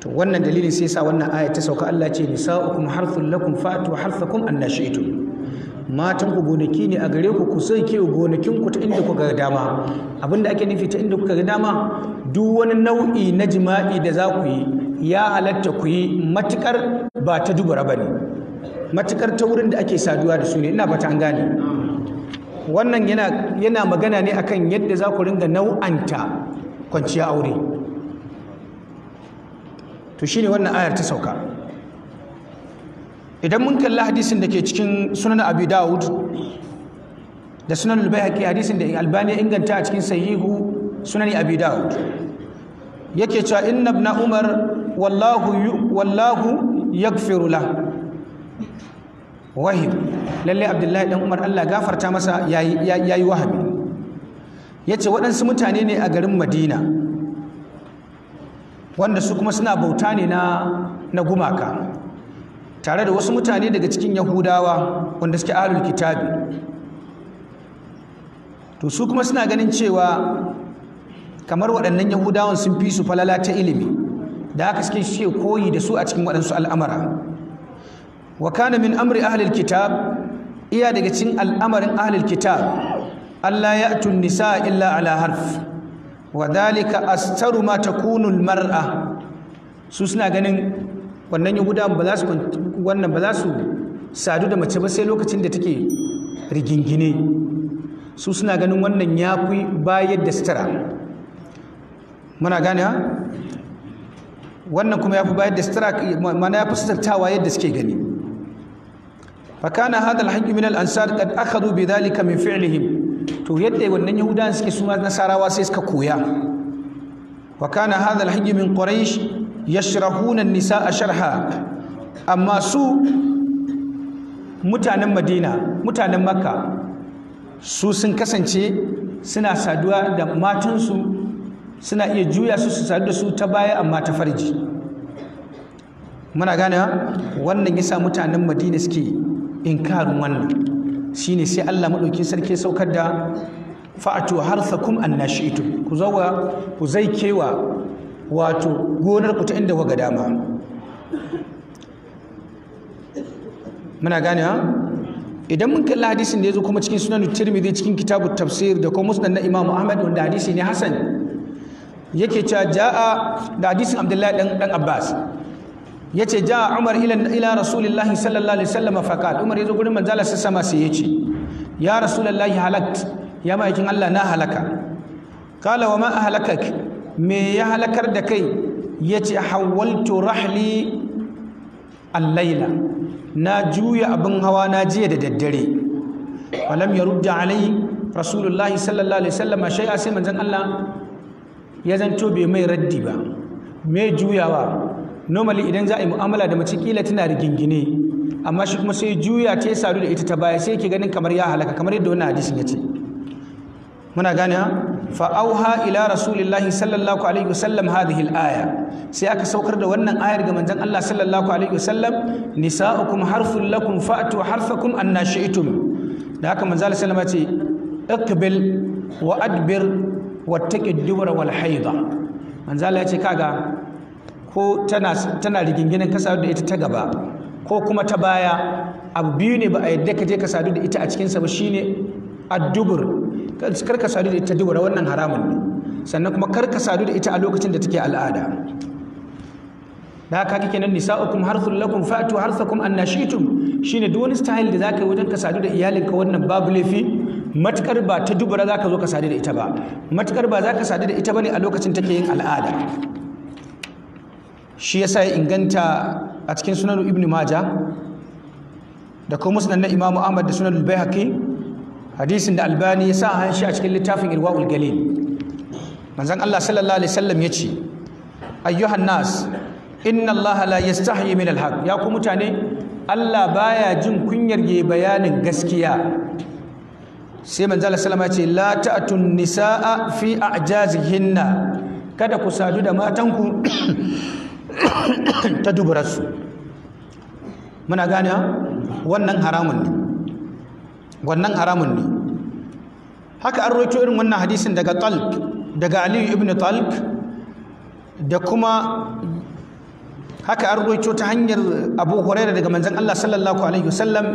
to wannan dalilin sai sa wannan aya ta sauka Allah ce nisa'ukum harthun lakum fa'atu harthakum anna shi'tum matan ku gonaki ne a gare ku ku sai ke gonakin ku ta inda ku ga dama abinda ake nufi ta inda ku ga dama duk wani nau'i na jima'i da za ku yi ya halatta ku yi matukar ba ta dubara ne matukar ta wurin da ake saduwa da su ne ina fata an gane wannan yana magana ne akan yadda za ku ringa nau'anta kwanciya aure to shi ne wannan ayar ta sauka idan mun kalli hadisin da ke cikin sunan abi dawud da sunan al hadisin da albani inganta a cikin sahihu sunan abi dawud yake cewa inna na umar wallahu wallahu yaghfiru wahib lalle abdullahi dan umar allah gafarta masa yayi yi wahabi yace ce waɗansu mutane ne a garin madina wanda su kuma suna bauta ne na gumaka tare da wasu mutane daga cikin yahudawa wanda suke alul kitabi to su kuma suna ganin cewa kamar waɗannan yahudawan sun fi su falala ta ilimi da haka suke koyi da su a cikin waɗansu al'amara wa kana min amri ahlil kitab iya daga cin al'amarin ahlil kitab Allah ya atun nisa illa ala harf wa dalika astaru ma takunu mar'a su suna ganin wannan yahudawan ba za su wannan ba za su sadu da mace ba sai lokacin da take rigingine su suna ganin wannan ya fi bayar da sitara muna gane wannan kuma ya fi bayar da sitara, mana ya fi sutartawa yadda suke gani fakana hadal haqqi min al ansar kad akhadhu bidhalika min fi'lihim to yadda wannan yahudan suke suna nasarawa sai suka koya fakana hadal haqqi min quraish yashrahuna an nisaa sharha amma su mutanen madina mutanen makka su sun kasance suna saduwa da matansu suna iya juya su su sadu da su ta baya amma ta farji muna gane wannan yasa mutanen madina suke inkarin wannan ne sai Allah madaukin sarki saukar da fa'atu harsakum annashi'tum ku zawa ku zai kewa wato gonar ku ta inda ku ga dama muna gane ha idan mun kalli hadisin da ya zo kuma cikin sunan tirmidhi cikin kitabu tafsir da kuma musnad na imamu ahmad wanda hadisi ne Hassan yake cewa ja'a da hadisin abdullahi dan abbas Ya ce ja Umar ila ila sallallahu alaihi wasallam fa qal Umar yazo gurin manzala sai sama sai yace ya Rasulullahi halakt ya maikin Allah na halaka kala wa ma ahlakak me ya halakar da kai yace hawaltu rahli al-laila na juya abin hawa na jiya da daddare walam yarudda alai Rasulullahi sallallahu alaihi wasallam shay'a sai manzon Allah ya zanto bai mai raddi ba me juyawa normally idan za a yi mu'amala da mace kila tana rigingine amma shi kuma sai juya ta sadu da ita ta baya sai ke ganin kamar ya halaka kamar yadda wannan hadisin ya ce muna gane fa auha ila rasulillahi sallallahu alaihi wasallam hadhihi alaya sai aka saukar da wannan ayar ga manzon Allah sallallahu alaihi wasallam nisa'ukum harfun lakum fa'tu harfakum anna shi'tum da haka manzon Allah sallallahu alaihi wasallam ya ce iqbil wa adbir wattaqid dubra wal haidha manzon Allah ya ce kaga ko tana tana riginginin ka sadu da ita ta gaba ko kuma ta baya abu biyu ne ba a yadda ka je ka sadu da ita a cikinsa ba shine addubur kar ka sadu da ita dubura wannan haramun ne sannan kuma kar ka sadu da ita a lokacin da take al'ada da haka kake nan nisa'ukum harthul lakum fatu harthakum annashitum shine duk wani style da zaka yi wajen ka sadu da iyalinka wannan babu laifi matukar ba ta dubura za ka zo ka sadu da ita ba matukar ba za ka sadu da ita ba ne a lokacin take yin al'ada shi yasa ya inganta a cikin sunanu ibn maja da kuma musnad na imamu ahmad da sunan al hadisin da albani ya sa hanshi a cikin littafin irwaul galil manzon Allah sallallahu alaihi wasallam yace ayyuhan nas inna Allah la yastahi min alhaq, ya ku mutane Allah baya jin kunyar ge bayanin gaskiya sai manzo Allah sallama yace la ta'tun nisaa fi a'jazihinna kada ku sadu da matanku ta duburarsu muna gane wannan haramun ne wannan haramun ne haka an roƙo irin wannan hadisin daga talq daga aliyu ibn talq da kuma haka an roƙo ta hanyar abu horaira daga manzan allah sallallahu alaihi wasallam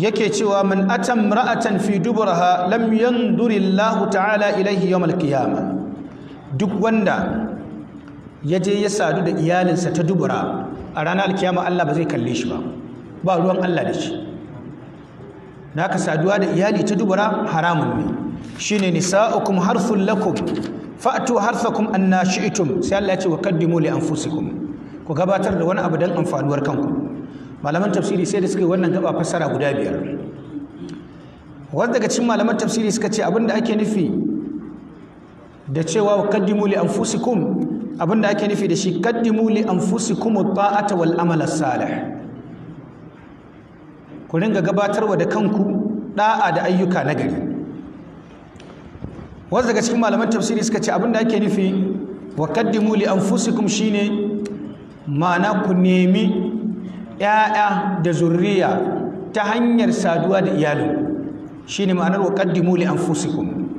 yake cewa man atan ra'atan fi duburaha lam yanduri allah ta'ala ilaihi yawm al duk wanda ya je ya sadu da iyalinsa ta dubura a ranar alkiyama Allah ba zai kalle shi ba ba ruwan Allah da shi na ka saduwa da iyali ta dubura haramun ne shine nisa'ukum harthul lakum fa'tu harthakum anna itum sai Allah ya ce wa qaddimu li anfusikum ku gabatar da wani abu don amfanuwar kanku malaman tafsiri sai da suka yi wannan gaba fassara guda biyar wasu daga cikin malaman tafsiri suka ce da ake nufi da cewa wa qaddimu li anfusikum Abin da ake nufi da shi qaddimu li anfusikum at-ta'ata wal amala salih ku ringa gabatarwa da kanku da'a da ayyuka na gari wasu daga cikin malaman tafsiri suka ce abin da ake nufi wa qaddimu li anfusikum shine ma'ana ku nemi ‘ya'ya da zurriya ta hanyar saduwa da iyalin shi ne ma'anar wa ƙaddimu li anfusikum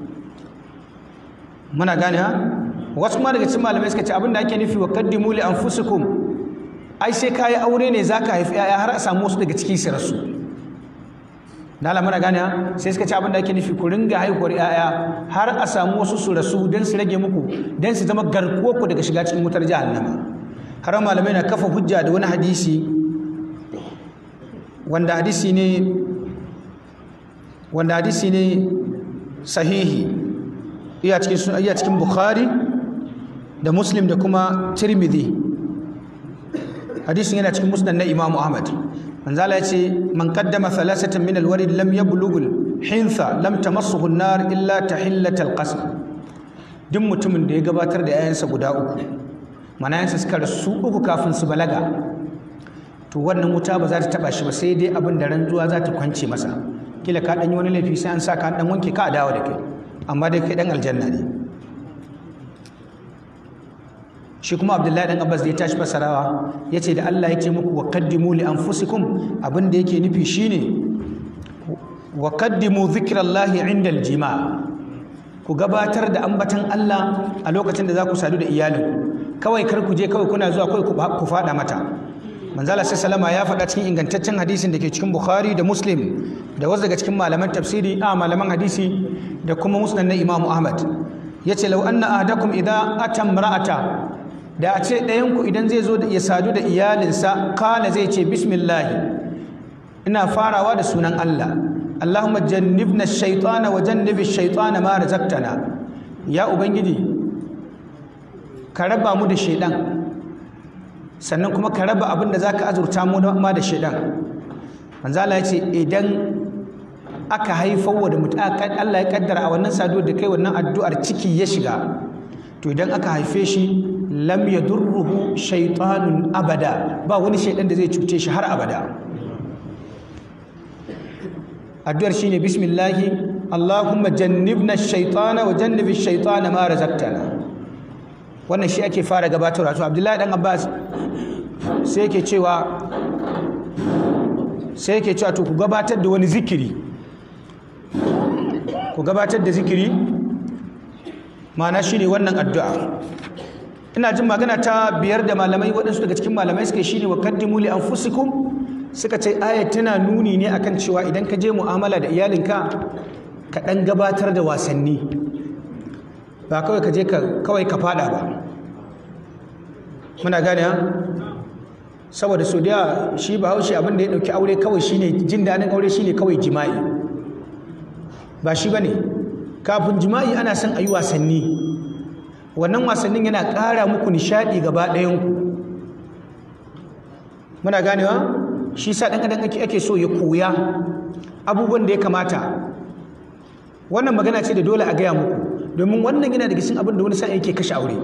muna gane ha wasu kuma daga cikin malamai suka ce abin da ake nufi wa kaddimu li anfusikum ai sai yi aure ne zaka haifi yaya har a samu wasu daga ciki su rasu da gane sai suka ce abin da ake nufi ku ringa haihuwar yaya har a samu wasu su rasu don su rage muku don su zama garkuwar ku daga shiga cikin wutar jahannama har malamai na kafa hujja da wani hadisi wanda hadisi ne wanda hadisi ne sahihi iya cikin bukhari da muslim da kuma tirmidhi hadisin yana cikin musnad na imamu ahmad manzala ya ce man qaddama thalathatan min alwarid lam yablughul hinsa lam tamassuhu an illa tahillatal kasa. duk mutumin da ya gabatar da 'ya'yansa guda uku mana suka rasu uku kafin su balaga to wannan wuta ba za ta taba shi ba sai dai abin da ranzuwa za ta kwance masa kila ka dan yi wani laifi sai an saka dan wanke ka a dawo da kai amma dai kai ɗan aljanna ne shi kuma abdullahi dan abbas da ya tashi fasarawa ya ce da allah ya ce muku wa kaddimu li anfusikum abin da yake nufi shine wa kaddimu zikirallahi inda aljima ku gabatar da ambatan allah a lokacin da za ku sadu da iyalin kawai kar ku je kawai kuna zuwa kawai ku fada mata manzala sai salama ya faɗa cikin ingantaccen hadisin da ke cikin bukhari da muslim da wasu daga cikin malaman tafsiri a malaman hadisi da kuma musnad na imamu ahmad ya ce lau anna ahadakum idza ata da a ce ɗayanku idan zai zo ya sadu da iyalinsa kala zai ce bismillahi ina farawa da sunan Allah Allahumma jannibna shaitana wa jannibi shaitana ma razaqtana ya ubangiji ka raba mu da shaidan sannan kuma ka raba abin da zaka azurta mu ma da shaidan manzo Allah ya ce idan aka haifawa da mutum Allah ya kaddara a wannan sadu da kai wannan addu'ar ciki ya shiga to idan aka haife shi lam durruhu shaitanun abada ba wani shaidan da zai cuce shi har abada addu'ar shine bismillahi allahumma jannibna shaitana wa jannibi ash-shaytana ma razaqtana wannan shi ake fara gabatarwa to abdullahi dan abbas sai yake cewa sai yake cewa to ku gabatar da wani zikiri ku gabatar da zikiri ma'ana shine wannan addu'a ina jin magana ta biyar da malamai waɗansu daga cikin malamai suke ne wa kaddimu li anfusikum suka ce ayat tana nuni ne akan cewa idan ka je mu'amala da iyalinka ka ɗan gabatar da wasanni ba kawai ka je kawai ka fada ba muna gane saboda su da shi bahaushe abin da ya ɗauki aure kawai ne jin daɗin aure shine kawai jima'i ba shi ba ne kafin jima'i ana son a yi wasanni wannan wasannin yana ƙara muku nishaɗi gaba ɗayanku muna ganewa shi sa ɗan adam ake so ya koya abubuwan da ya kamata wannan magana ce da dole a gaya muku domin wannan yana daga cikin abin da wani sa'a yake kashe aure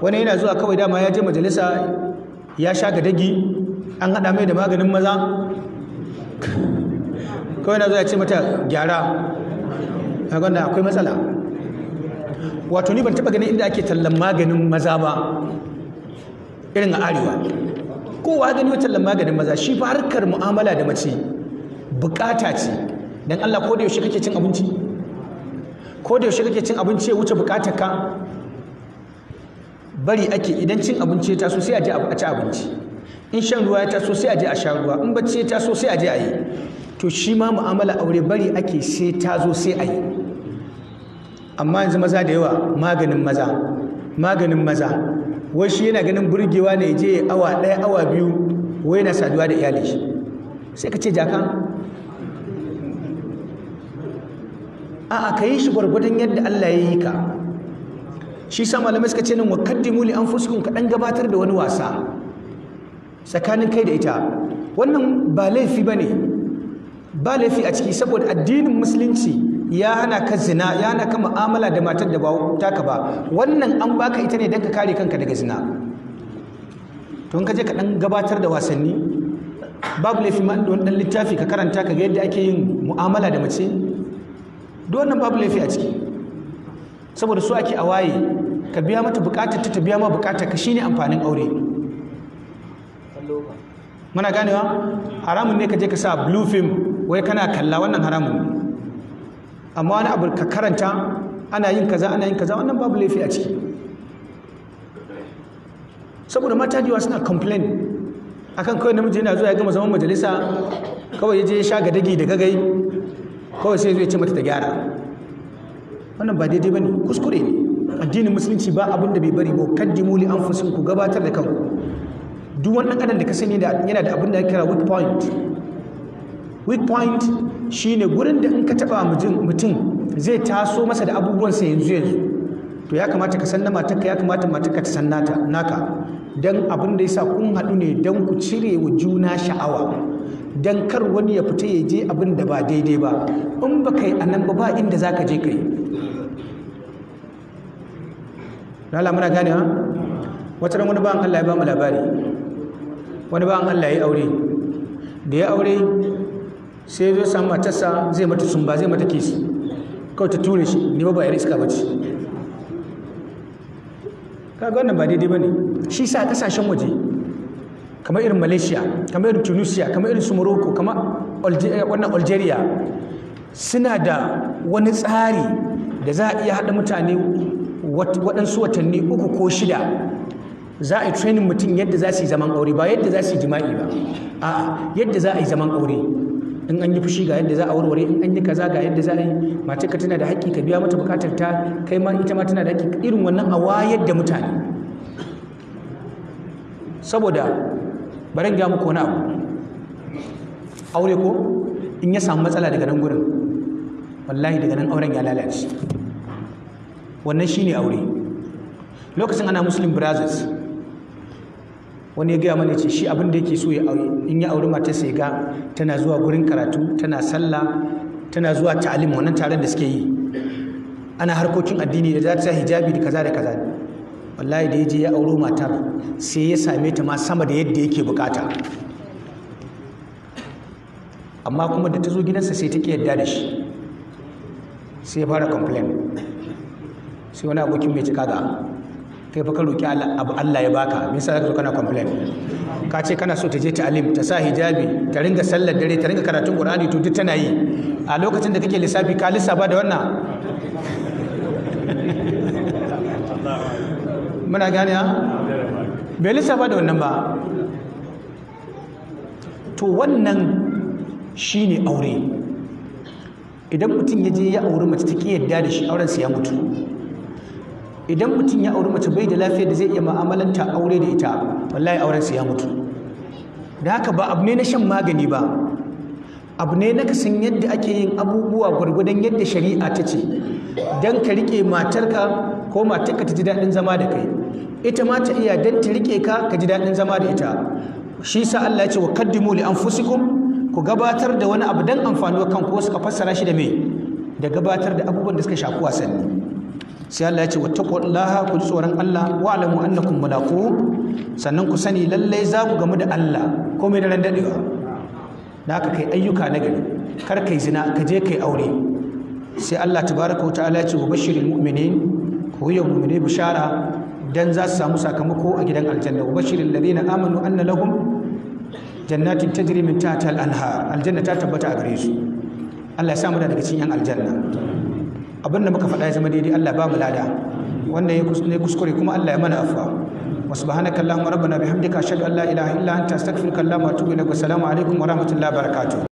wani yana zuwa kawai dama ya je majalisa ya sha ga dagi an haɗa mai da maganin maza kawai na zuwa ya ce mata gyara a akwai matsala wato ni ban taɓa ganin inda ake tallan maganin maza ba irin a arewa kowa gani tallan maganin maza shi fa harkar mu'amala da mace bukata ce dan Allah ko da yaushe kake cin abinci ko da yaushe kake cin abinci ya wuce bukatar ka bari ake idan cin abinci ya taso sai a je a ci abinci in shan ruwa ya taso sai a je a sha ruwa in bacci ya taso sai a je a yi to shi ma mu'amala aure bari ake sai ta zo sai a yi amma yanzu maza da yawa maganin maza maganin maza wai shi yana ganin burgewa ne je awa ɗaya awa biyu wai yana saduwa da iyali shi sai ka ce jaka a'a ka yi shi gwargwadon yadda Allah ya yi ka shi sa malamai suka ce nan wa kaddimu li an ka dan gabatar da wani wasa tsakanin kai da ita wannan ba laifi ba ne ba laifi a ciki saboda addinin musulunci ya hana ka zina ya hana ka mu'amala da matar da ba taka ba wannan an baka ita ne don ka kare kanka daga zina to in ka je ka dan gabatar da wasanni babu laifi ma don dan littafi ka karanta ka ga yadda ake yin mu'amala da mace duk wannan babu laifi a ciki saboda su ake a waye ka biya mata bukatar ta biya ma bukatar ka shine amfanin aure muna ganewa haramun ne ka je ka sa blue film wai kana kalla wannan haramun amma wani abu ka karanta ana yin kaza ana yin kaza wannan babu laifi a ciki saboda mata jiwa suna complain akan kawai namiji yana zuwa ya gama zaman majalisa kawai ya je ya sha dagi da gagai kawai sai zai ce mata ta gyara wannan ba daidai bane kuskure ne addinin musulunci ba abin da bai bari ba kaddimu li anfusikum ku gabatar da kanku duk wani adam da ka sani yana da abin da ya kira weak point weak point Shi ne gurin da in ka taba mutum zai taso masa da abubuwan sa yanzu yanzu to ya kamata ka san na matarka ya kamata matarka ta san nata naka dan abin da yasa kun haɗu ne dan ku cire wa juna sha'awa dan kar wani ya fita ya je abin da ba daidai ba in ba kai anan ba ba inda zaka je kai Lala muna gane ha wata ran wani bawan Allah ya ba mu labari wani bawan Allah ya aure da ya aure sai zai samu matarsa zai mata sumba zai mata kesi kawai ta tura shi ne ba yar iska ba ce kaga wannan ba daidai ba ne shi sa kasashen waje kamar irin malaysia kamar irin tunisia kamar irin su morocco kamar eh, wannan algeria suna da wani tsari da za a iya haɗa mutane waɗansu watanni uku ko shida za a yi training mutum yadda za su yi zaman aure ba yadda za su yi jima'i ba a yadda za a yi zaman aure in an yi fushi ga yadda za a warware in an yi kaza ga yadda za a yi matarka tana da haƙƙi ka biya mata buƙatar ta kai ma ita ma tana da haƙƙi irin wannan a wayar da mutane saboda baran ga muku wani abu aure ko in ya samu matsala daga nan gurin wallahi daga nan auren ya lalace wannan shine aure lokacin ana muslim brothers wani ya gaya mana ce shi abin da yake so ya aure in ya auri mata sai ga tana zuwa gurin karatu tana sallah tana zuwa ta'alim wannan taron da suke yi ana harkokin addini da za ta hijabi da kaza da kaza wallahi da ya je ya auri matar sai ya same ta ma sama da yadda yake bukata amma kuma da ta zo gidansa sai ta ki yadda da shi sai ya fara complain sai wani abokin mai cika ga kai fa ka roki abu Allah ya baka me yasa zaka zo kana complain ka ce kana so ta je ta'alim ta sa hijabi ta ringa sallar dare ta ringa karatun Qur'ani to duk tana yi a lokacin da kake lissafi ka lissafa da wannan muna gane ha bai lissafa da wannan ba to wannan shine aure idan mutum ya je ya auri mace ta ki yadda da shi auren sa ya mutu idan mutum ya auri mace bai da lafiyar da zai iya ma'amalanta aure da ita wallahi auren sa ya mutu da haka ba abu ne na shan magani ba abu ne na kasan yadda ake yin abubuwa gwargwadon yadda shari'a ta ce don ka rike matarka ko matarka ta ji daɗin zama da kai ita ma ta iya don ta rike ka ka ji daɗin zama da ita shi sa Allah ya ce wa kaddimu li anfusikum ku gabatar da wani abu don amfani wa kanku wasu ka fassara shi da mai, da gabatar da abubuwan da suka shafi wasanni sai Allah ya ce wattaqullaha ku tsoron Allah wa alamu annakum mulaqu sannan ku sani lallai za ku gamu da Allah komai da ran dadewa da haka kai ayyuka na gari kar kai zina ka je kai aure sai Allah tabaraka wa ta'ala ya ce wa bashiril mu'minin ku yi mu'mini bishara dan za su samu sakamako a gidan aljanna wa bashiril ladina amanu anna lahum jannatin tajri min tahtiha al-anhar aljanna ta tabbata a gare su Allah ya samu daga cikin yan aljanna abin da muka faɗa ya zama daidai Allah babu lada wanda ya kuskure kuma Allah ya mana afwa wa subhanaka allahumma rabbana bihamdika ashhadu an la ilaha illa anta astaghfiruka wa atubu ilaik wa assalamu alaikum wa rahmatullahi wa barakatuh